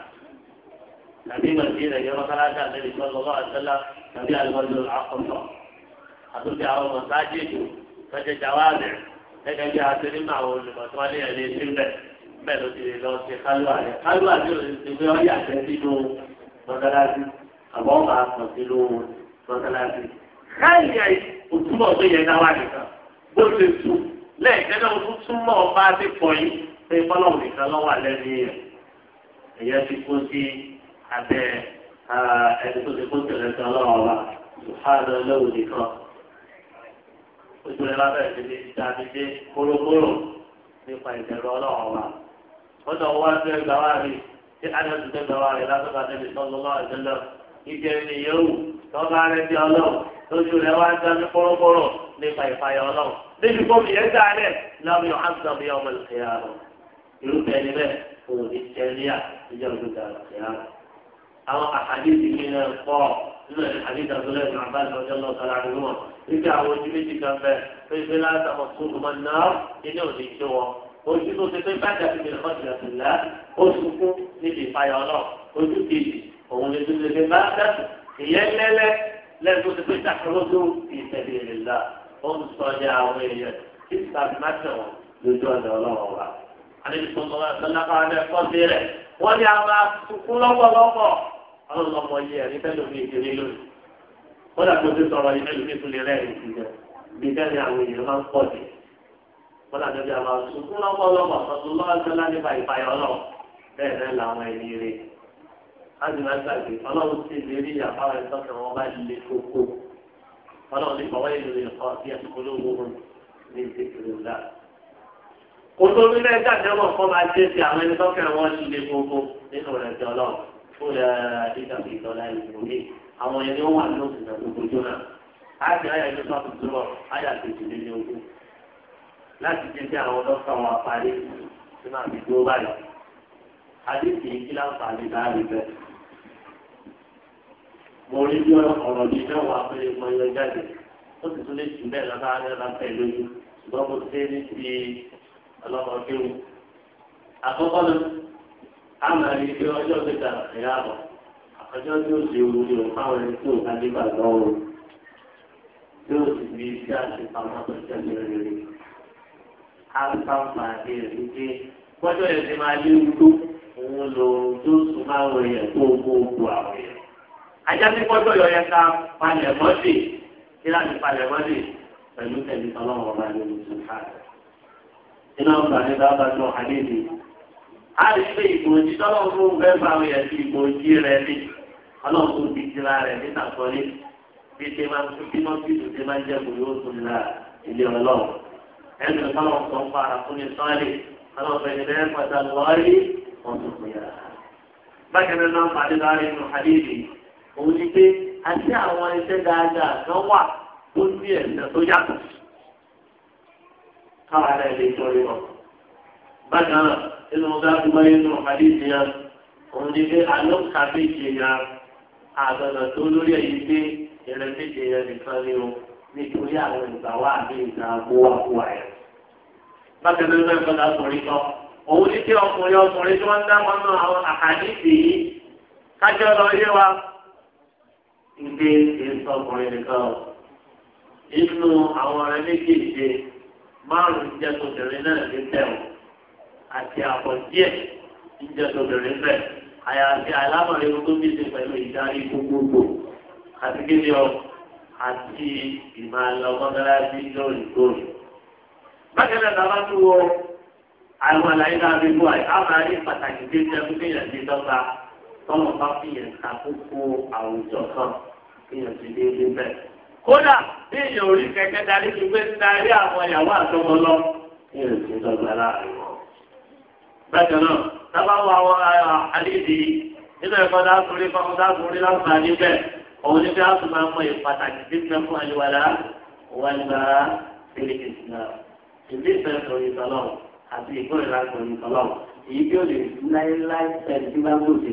tàbí màdìrẹ̀ yọ mọ́kàlájà lẹ́yìn sọ́lọ́lọ́ àtẹ́lá tàbí àlùmọ́dún àkọ́tọ̀ àtúntì àwọn mọ̀sáájì ìlú tọ́jú jàwáàbẹ̀ gẹ́gẹ́ bí a ti nínú àwọn olùmọ̀tọ́lé ẹ̀ lé sílẹ̀ bẹ́ẹ̀ ló ti lọ sí kálùwà rẹ̀ kálùwà rẹ̀ ò àbọ̀ máa sọ sí lówó sọ́sálásí. káyìí àyè òtúmọ̀ tó yẹ náwá nìkan bó ṣe tu lẹ́ẹ̀kẹ́ náà tó túmọ̀ bá ti pọ̀ yìí pé bọ́lọ̀mù nìkan lọ́wọ́ alẹ́ ní ẹ̀. ẹ̀yẹ ti kó sí abẹ́ ẹni tó ti kó tẹ̀lé sí ọlọ́run wa ìfáàdọ̀ lọ́wọ́ nìkan. ojú rẹ̀ lábẹ́ ìdílé ìdádídé kórókóró nípa ìbẹ̀rù ọlọ́run wa. wọ́n tọ́ wá sí ẹgbàá wa ìdí ẹni yòówù tọ́ba rẹ̀ di ọlọ́run lójú rẹ̀ wá ń dání kọ́rọ́kọ́rọ́ nípa ìfàyà ọlọ́run níbi kọ́mi yẹn dá rẹ̀ lábẹ́ ọ̀hánsábẹ́ ọmọ ìkẹyà rẹ̀ irúfẹ́ ẹni bẹ́ẹ̀ kò ní tẹ́lẹ̀ ìjọ ìdúgba ìkẹyà rẹ̀. àwọn àhàdìsì mi náà pọ̀ nínú àhàdìsì àtúlẹ̀ ìgbà bá ìṣọ̀jọ́ lọ́sọ̀ láàrin wọn níbi àwọn ojú méjì kan bẹ́ẹ̀ pé ìfẹ́ látàkọ̀ tó lùmọ̀ náà ilé òní ojú tó òun lè tún lè fi máa dàtú ìyẹn lẹ́lẹ́ lẹ́nu tó ti pé sàkólódó ìtẹ̀lé ìlà ó ń sọjá àwọn èèyàn tí tàbí má tẹ̀ wọ́n lójú ọ̀nà ọlọ́run wa. àdébí tó ń lọ sọlápá rẹ kọ́ sí rẹ̀ wọ́n ní a máa sunkún lọ́pọ̀lọpọ̀ ọlọ́mọ yìí ẹ̀rí fẹ́ lómi ìdílé lónìí. kódà tó ti sọ̀rọ̀ yìí fẹ́ lómi ìtúlẹ̀ rẹ̀ ìdílé bí bẹ́ẹ̀ àwọn èèyàn máa ń pọ̀ sí. kódà tó ti a máa sunkún lọ́pọ̀lọpọ̀ sọ̀tún lọ́wọ́ láti máa gbàgbé ọlọ́run ti lè rí àbáwọ̀ ẹ̀tọ́ kan wọn bá lè kókó ọlọ́run ní bọ̀wọ́ ìlú ẹ̀kọ́ bí ẹ̀kọ́lówó ní ìdíkìrì ńlá. olórí náà dàbí ọmọ kan máa dé sí àwọn ẹni tọ́kẹ́ wọn lè kókó nínú rẹ̀ jọ lọ fún ẹ̀ dídàbí ìdọ́lá ìlú mi àwọn ẹni ó wà lóṣù náà gbogbo jóná láti ayé ẹni tó tuntun ayé àtẹ̀jù lé ní ogún láti mo bí ọ̀rọ̀ mi mẹ́wàá pé mo yọ jáde ó sì tún lè jù bẹ́ẹ̀ lọ́ba rẹ́ra bẹ́ẹ̀ ṣùgbọ́n mo ṣe ní ti ọlọ́mọdéwù. àkọ́kọ́ ni a máa rí pé ọjọ́ gbẹ̀dà ẹ̀yà àbọ̀ ọjọ́ tí ó ṣe wù ní òun fáwọn ẹni tí òun adébà lọ́wọ́ tí ó sì fi iṣẹ́ àṣepamọ́ tó ṣẹlẹ̀ rere. a sáǹfà ní pé gbọ́dọ̀ ẹ̀ ti máa léwu tó òun lòun tó sùn máa ń wẹ̀yẹ̀ tó gbogbo àwọn ajásí kọ́jọ́ yọ yẹ ká palẹ̀ mọ́sì kí láti palẹ̀ mọ́sì pẹ̀lú tẹ̀lé ọlọ́run ọba ní oṣù káàdì. iná ọgbà ní bàbá tó hàní ni a lè ṣe ìgbòjì tọ́lọ́run fún bẹ́ẹ̀ bá wẹ̀ sí ìgbòjì rẹ̀ ní ọlọ́run tó di jìlá rẹ̀ ní tàkọ́lé bí ṣe máa tún bí wọ́n bíbù ṣe máa jẹ́ kòyó tó ń la ilé ọlọ́run ẹnu ìfọwọ́ sọ fún arákùnrin sọ́ọ̀lì ọlọ́run fẹ́ni bẹ́ẹ̀ pàtàkì wọ́ọ́rí wọ́n tún kò yára. bákan náà pàdé láàrin nù òun ni pé àti àwọn iṣẹ́ dáadáa kan wà tó ní ẹ̀sẹ̀ tó yàtọ̀ káwa náà lè torí wọn. bákan náà nínú ọgá tó bá yẹn nínú ọ̀pàdé ìdíyà òun ni pé àlọ́ kàfé ìdíyà àgbàdo tó lórí ẹ̀yìn pé ìrẹ̀ méje yẹn nìkan ni o nítorí àwọn ìgbà wà ní ìgbà àgbówà fún àyà. bákan náà ló ń gbọ́dọ̀ ọkùnrin kan òun ni pé ọkùnrin ọkùnrin tí wọ́n ń dá wọn náà àwọn àkàdé ìdè ìsọkùnrin nìkan o inú àwọn ọ̀rẹ́ méjèèjì márùn-ún jẹ́ tòbìnrin náà ní tẹ̀wọ̀ àti àpọ̀ díẹ̀ ń jẹ́ tòbìnrin bẹ́ẹ̀ àyàfi àlámọ̀rẹ́ tó bí ṣe pẹ̀lú ìdarí gbogbogbò àti kíni ọ àti ìmọ̀lẹ́ ọmọdéláṣí lóòrèkóòrè. bákan náà tá a bá tún wọ àwọn àlàyé náà fi bú àyè á máa pàtàkì tí ó ti ẹkú kéèyàn ti dọ́gba tọ́lọ̀ bá fi yẹn ta kókó àwùjọ kan kí yẹn ti dé ilé bẹ́ẹ̀. kódà bí èèyàn orí kẹ̀kẹ́ darí ju pé darí àwọn ìyàwó àtọmọ lọ kí yẹn ti dọ́gba láàrin wọn. bákan náà sábà wọ àwọn àlejò nínú ẹ̀kọ́ dákúrí fún dákúrí láǹfààní bẹ́ẹ̀ òun ní bí a tún máa mọ ìpàtàkì tí fẹ́ fún àyíwálá wàlúwà sílẹ̀ ìsìnà ìdí ìfẹ́ sọ ìtọ́lọ́ àti ìkórìíra sọ ìtọ́lọ́ èyí tí ó lè láéláé pẹ̀lú bí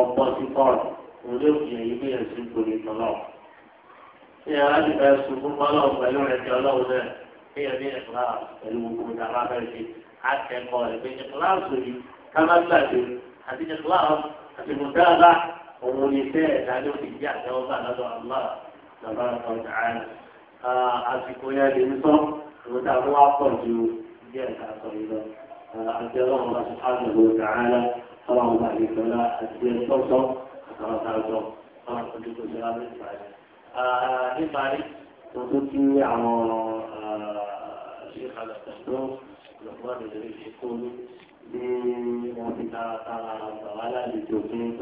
ọgbọ́n tí kọ́ọ̀lù òun ló fi èyí bí èsì gbòòrò tọ́lọ̀. ṣé aláàbí bá yẹ sunkún mọ́lọ́ pẹ̀lú rẹ̀ ti ọlọ́run náà bí ẹ bí ẹ̀kọ́ pẹ̀lú gbogbo ìdàgbà bẹ́ẹ̀ ṣe akẹ́kọ̀ọ́ rẹ̀ pé ẹ̀kọ́láàsù yìí kámágbàdé àti ẹ̀kọ́láàsù àti mùdáàbá òun ni bẹ́ẹ̀ dájọ́ طبعا بعد الدولة الدين صوصو أترى تعالوا طبعا كنت كنت سلام الفارس الفارس وتوتي عن الشيخ على التشروف الأخوان الذي يكون بموتنا تعالى وعلى لجوكين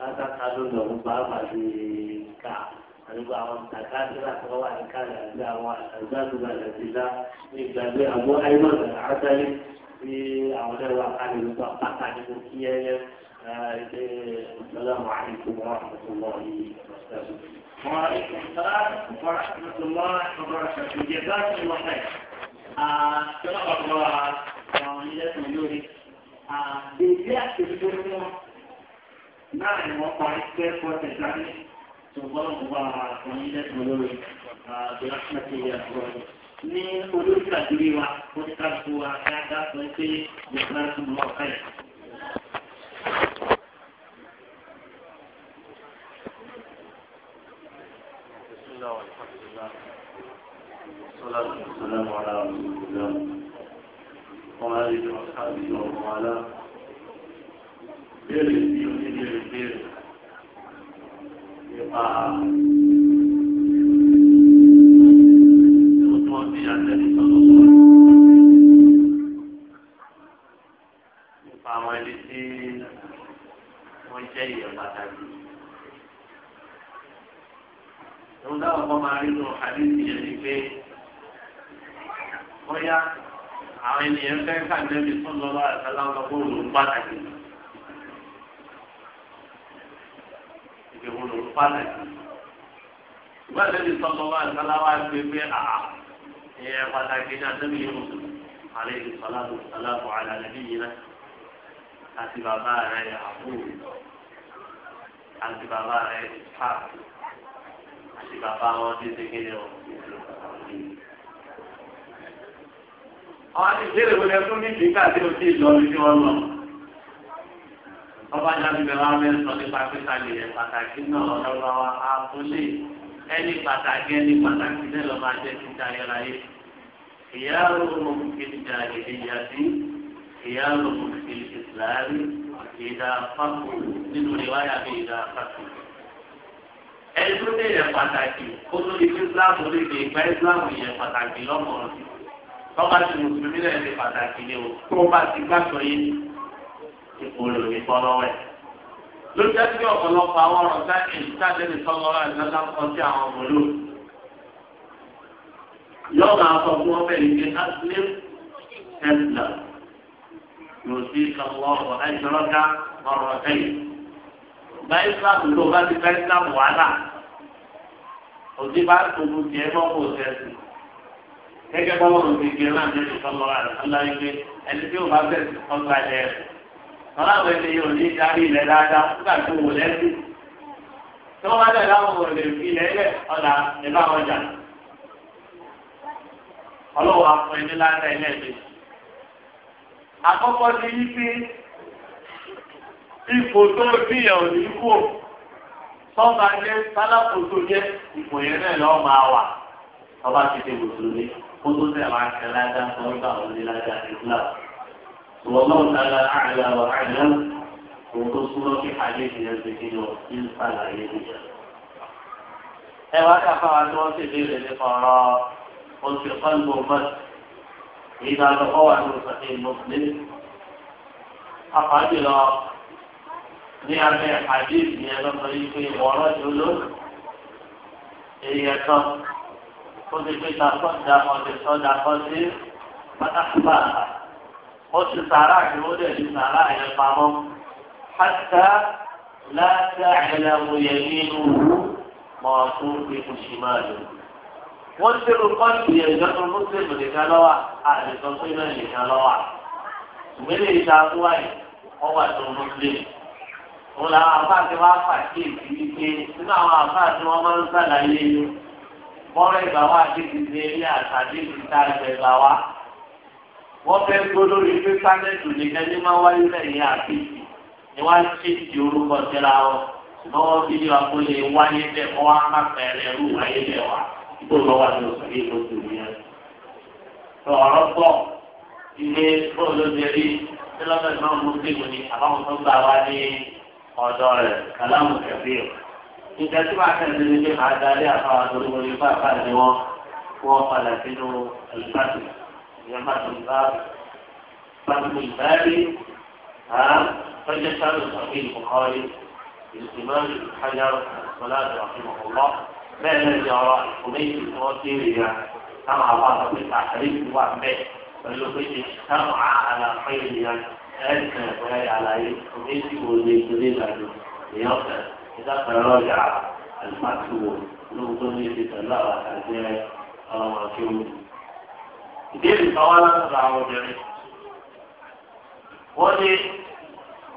أتكالوا لهم بابا بكا àdúgbò àwọn àkáàdúrà tó wà ní kálí àti àwọn àgbàdúrà lẹ́sìn náà ní ìgbàgbé àbọ̀ àìmọ̀ àtàlẹ́ tí àwọn ọ̀dọ́ wa ká lè sọ pátá ní mo kí ẹ yẹ ṣe ọ̀sọ́lọ́mù àìsàn wọn àtúntò وعليكم السلام ورحمة الله وبركاته جزاكم الله خير كما قال وعمليات مليوني بيبيع في الدنيا نعم وقع السيف والتجاري سبحان الله وعمليات مليوني برحمته يا أخواني ní olórí àdúrí wa wọ́n ti ká tó wa dáadáa sọ pé yàrá tó lọ kálẹ̀. Bẹ́ẹ̀ni, bí o ti lè bẹ̀rẹ̀ nípa àlẹ́bí sọ̀rọ̀ sọ̀rọ̀. Nípa pàtàkì. Ìwọ́n dáwọ̀ kọ́ máa rí nù àdéhùn pé àà ìyẹn pàtàkì náà tó yẹ kó alẹ́ ìsọ̀láàbù sọ̀láàbù alẹ́ níyì náà àti bàbá rẹ̀ àbúrò àti bàbá rẹ̀ ìfà àti bàbá wọn ti ṣe kéde wọn. àwọn àti ìbéèrè wọlé fún níbi káàdé òsì ìlọrin tí wọn lọ ọba jáde bẹ̀rẹ̀ wọn mẹ́rin sọ nípa pípa lè pàtàkì náà lọ́wọ́ àtúnṣe ẹni pàtàkì ẹni pàtàkì náà lọ máa jẹ títa yọra yé ìyá ọmọ kìlìjà ìdíyà sí ìyá ọmọ kìlìjà ìsìláàrí ìdá fáfù nínú ìwáyà bí ìdá fáfù. ẹni tó lè yẹ pàtàkì kó tó lè fi islámù lè lè gba islámù yẹ pàtàkì lọ́mọ̀ọ́ sí tọ́ba ti mùsùlùmí náà lè pàtàkì ni o tó bá ti gbàgbọ́ yé ipò lòdì bọ́ lọ́wọ́ ló jẹ́ sí ọ̀pọ̀lọpọ̀ àwọn ọ̀rọ̀ tá ìtàdé ní sọ́kọ́rọ́ ìjọba kan sí àwọn ọmọlú. yóò máa sọ fún ọbẹ̀ yìí pé aslim tẹ́sílà yóò sí kàwọ́ ọ̀rọ̀ ẹ̀jọ̀rọ̀ká ọ̀rọ̀ ẹ̀yìn. gba islam tó bá ti fẹ́ islam wàhálà òsì bá tóbu tiẹ̀ mọ́ kó sẹ́sì. gẹ́gẹ́ bọ́lá òsì kìí náà ní ìsọ́kọ́rọ́ àti ọlọ́run ẹni yóò ní darí ilẹ̀ dáadáa nígbà tó wò lẹ́sìn tí wọ́n dẹ̀ láwọn wò lè ilẹ̀ ilẹ̀ ọ̀la nígbà wọn ọlọ́wọ́ afọ ẹni láńdá ilẹ̀ mi. àkọ́kọ́ ni wípé ipò tó bíyàn ní kú sọ́ba jẹ́ sálápò tó jẹ́ ipò yẹn náà lọ́ọ́ máa wà ọba ti ṣe mùsùlùmí kó tó tẹ̀ máa ń ṣe láńdá tó ń gbà wọlé والله تعالى أعلى وأعلم وتصل في حديثنا الذكي إن قال عليه ẹ wá káfá wa tí wọ́n ti béèrè nípa ọ̀rọ̀ oṣù kọ́ńbù mọ́t èyí náà lọ kọ́ wà ní òṣèlú mọ́sílẹ̀. àpàjùlọ ní abẹ́ àdéhùn yẹn lọ́sọ yìí pé ọ̀rọ̀ ti olóòtú èyí ẹ̀tọ́ ó ti pé ta sọ́dà ọ̀dẹ̀ sọ́dà kọ́ sí pátákó bàtà oṣù sàrà yìí ó dẹ̀ ju sàrà yẹn pamọ́ hàtà láti àyẹ̀lẹ̀mú yẹn nínú wù mọ̀ ọ̀tún fi kùsì máa lò. wọ́n ti rú kọ́ọ̀tù yẹn ìjọba mùsùlùmí nìkan lọ́wọ́ àdìsọ́ pé náà nìkan lọ́wọ́ ìgbélé ìta àbúwáyé wọ́n wà tó mùsùlùmí. òun làwọn àfáàtì wa pàṣẹ ìdílé nínú àwọn àfáàtì wọn máa ń sàlàyé bọ́ọ̀rẹ́ ìgbà ìgbà wa wọ́n fẹ́ gbó lórí pé sánẹ́tù nìkan ní máa wáyé lẹ́yìn àbíyí ni wọ́n ti di orúkọ síra wọn ṣùgbọ́n wọ́n fi yíwa kó lè wáyé bẹ́ẹ̀ wọ́n á má pẹ̀lẹ́ rú wáyé bẹ́ẹ̀ wá kó lọ́ wà ní oṣù yìí lóṣù yẹn. ọ̀rọ̀ pọ̀ ilé bóòlù obìnrin tí lọ́dọ̀ náà mú sígun ni àbáwọn tó gbà wá ní ọ̀dọ̀ rẹ̀ kàlámù kẹfì ọ̀. nǹkan ìyẹn má tó bá bá tó ìbá rí ha tọ́jú sáré sọ̀rọ̀ ìlú kọ́rí ìsìmọ́lì ìkájà ìsọ̀lá àti ọ̀lọ́ bẹ́ẹ̀ ni ọ̀rọ̀ ìkùnrin tí wọ́n ti rí ya táwọn àwọn àgbẹ̀ àkàrí ti wà bẹ́ẹ̀ pẹ̀lú pé ti táwọn àlàfẹ́ ìlú ẹ̀sìn ẹ̀fẹ́ àlàyé ìkùnrin tí wọ́n lè gbé lẹ́nu ìyẹn ọ̀sẹ̀ ìdákàrọ̀ ọjà àlùfáàtì wò lóòótọ́ ní ìdíjọ́ náà àti ọ̀rọ̀ kí wọ́n ìbéèrè kan wá látọ̀dọ̀ àwọn obìnrin. wọ́n ní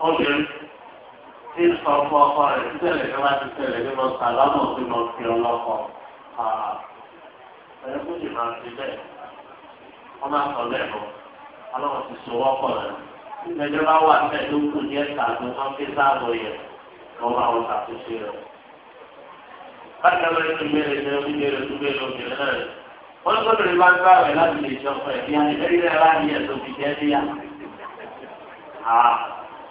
obìnrin tí ń sọ fún ọkọ rẹ̀ títẹ̀lẹ̀ ní wọ́n ti tẹ̀lẹ̀ ní wọ́n sàlámọ̀ tí wọ́n fi ọlọ́kọ̀ ẹ̀rọ kó lè máa fi bẹ́ẹ̀ wọ́n máa sọ bẹ́ẹ̀ lọ ọlọ́wọ́ ti so wọ́pọ̀ rẹ̀ ìgbẹ́jọ́ bá wà bẹ́ẹ̀ ló kù ní ẹ̀ka tó wọ́n fi sáàbọ̀ yẹ wọ́n bá wọn ṣàtúnṣe rẹ̀. bákan náà ní ìbéèrè ní ìbéèrè tó bẹ́ẹ̀ wọ́n gbọ́dọ̀ lè bá gbá rẹ̀ láti lè jọ pẹ̀ bí wọ́n ti rí rẹ̀ láàyè ẹ̀sùn fi jẹ́ bí yá.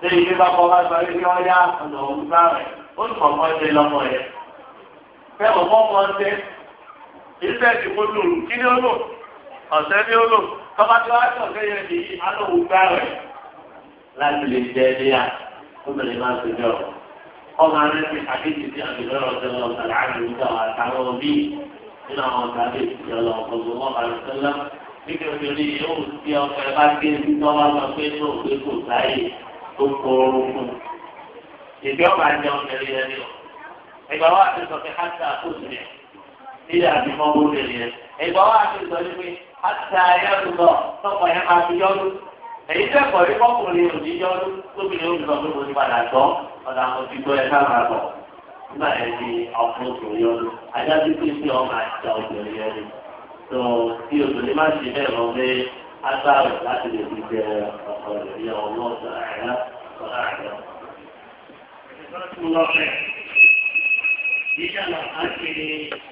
ṣé ilé bá kọ́ bá sọ pé kí wọ́n yá ọ̀nà òun gbá rẹ̀ ó ń kọ̀ọ̀kan ṣe lọ́mọ yẹn. fẹ́ ọ̀pọ̀ ọmọ ọ̀sẹ̀ ilé ẹ̀sìn kó lò lù kí ni ó lò ọ̀sẹ̀ ni ó lò tọ́ba tí wọ́n á sọ̀ sẹ́yìn ẹ̀dì yìí gbá rẹ̀ láti lè jẹ́ bí yá kótó lè má ṣe jọ ọmọ nínú àwọn ọ̀gáde ìjọ lọ ọ̀gbọ̀n wọn bá lọ́sẹ̀ lọ. Nígbà tó ní yóò tí ọkọ̀ bá gé sí tọ́wọ́ lọ pé ní òwe kò sáyè tó kóró fún. Ìgbẹ́ ọ̀gá jẹ ọmọbìnrin yẹn ni ọ̀. Ẹgbẹ́ wa ti sọ pé hàtà òsì rẹ̀ nílẹ̀ àti mọ́bólẹ̀ yẹn. Ẹgbẹ́ wa ti sọ pé hàtà yẹn lọ tọkọ yẹn máa fi yọ́dún. Èyí tẹ́ kọ̀ kọ́kùnrin òní yọ́dún tóbi ni ó ń sọ pé mo ti padà tọ́ ọ̀dà mo ti gbọ́ ẹ nígbà yẹn ni ọkùnrin kò yọ ọ́ ajáde pé kí ọ máa ja obìnrin yẹn ni tó kí obìnrin má ṣe bẹ́ẹ̀ lọ pé agbára láti lè fi jẹ ọkọ rẹ̀ ní ọwọ́ ọ̀sán àyà ọ̀sán àyà. ìjọba ìjọba àti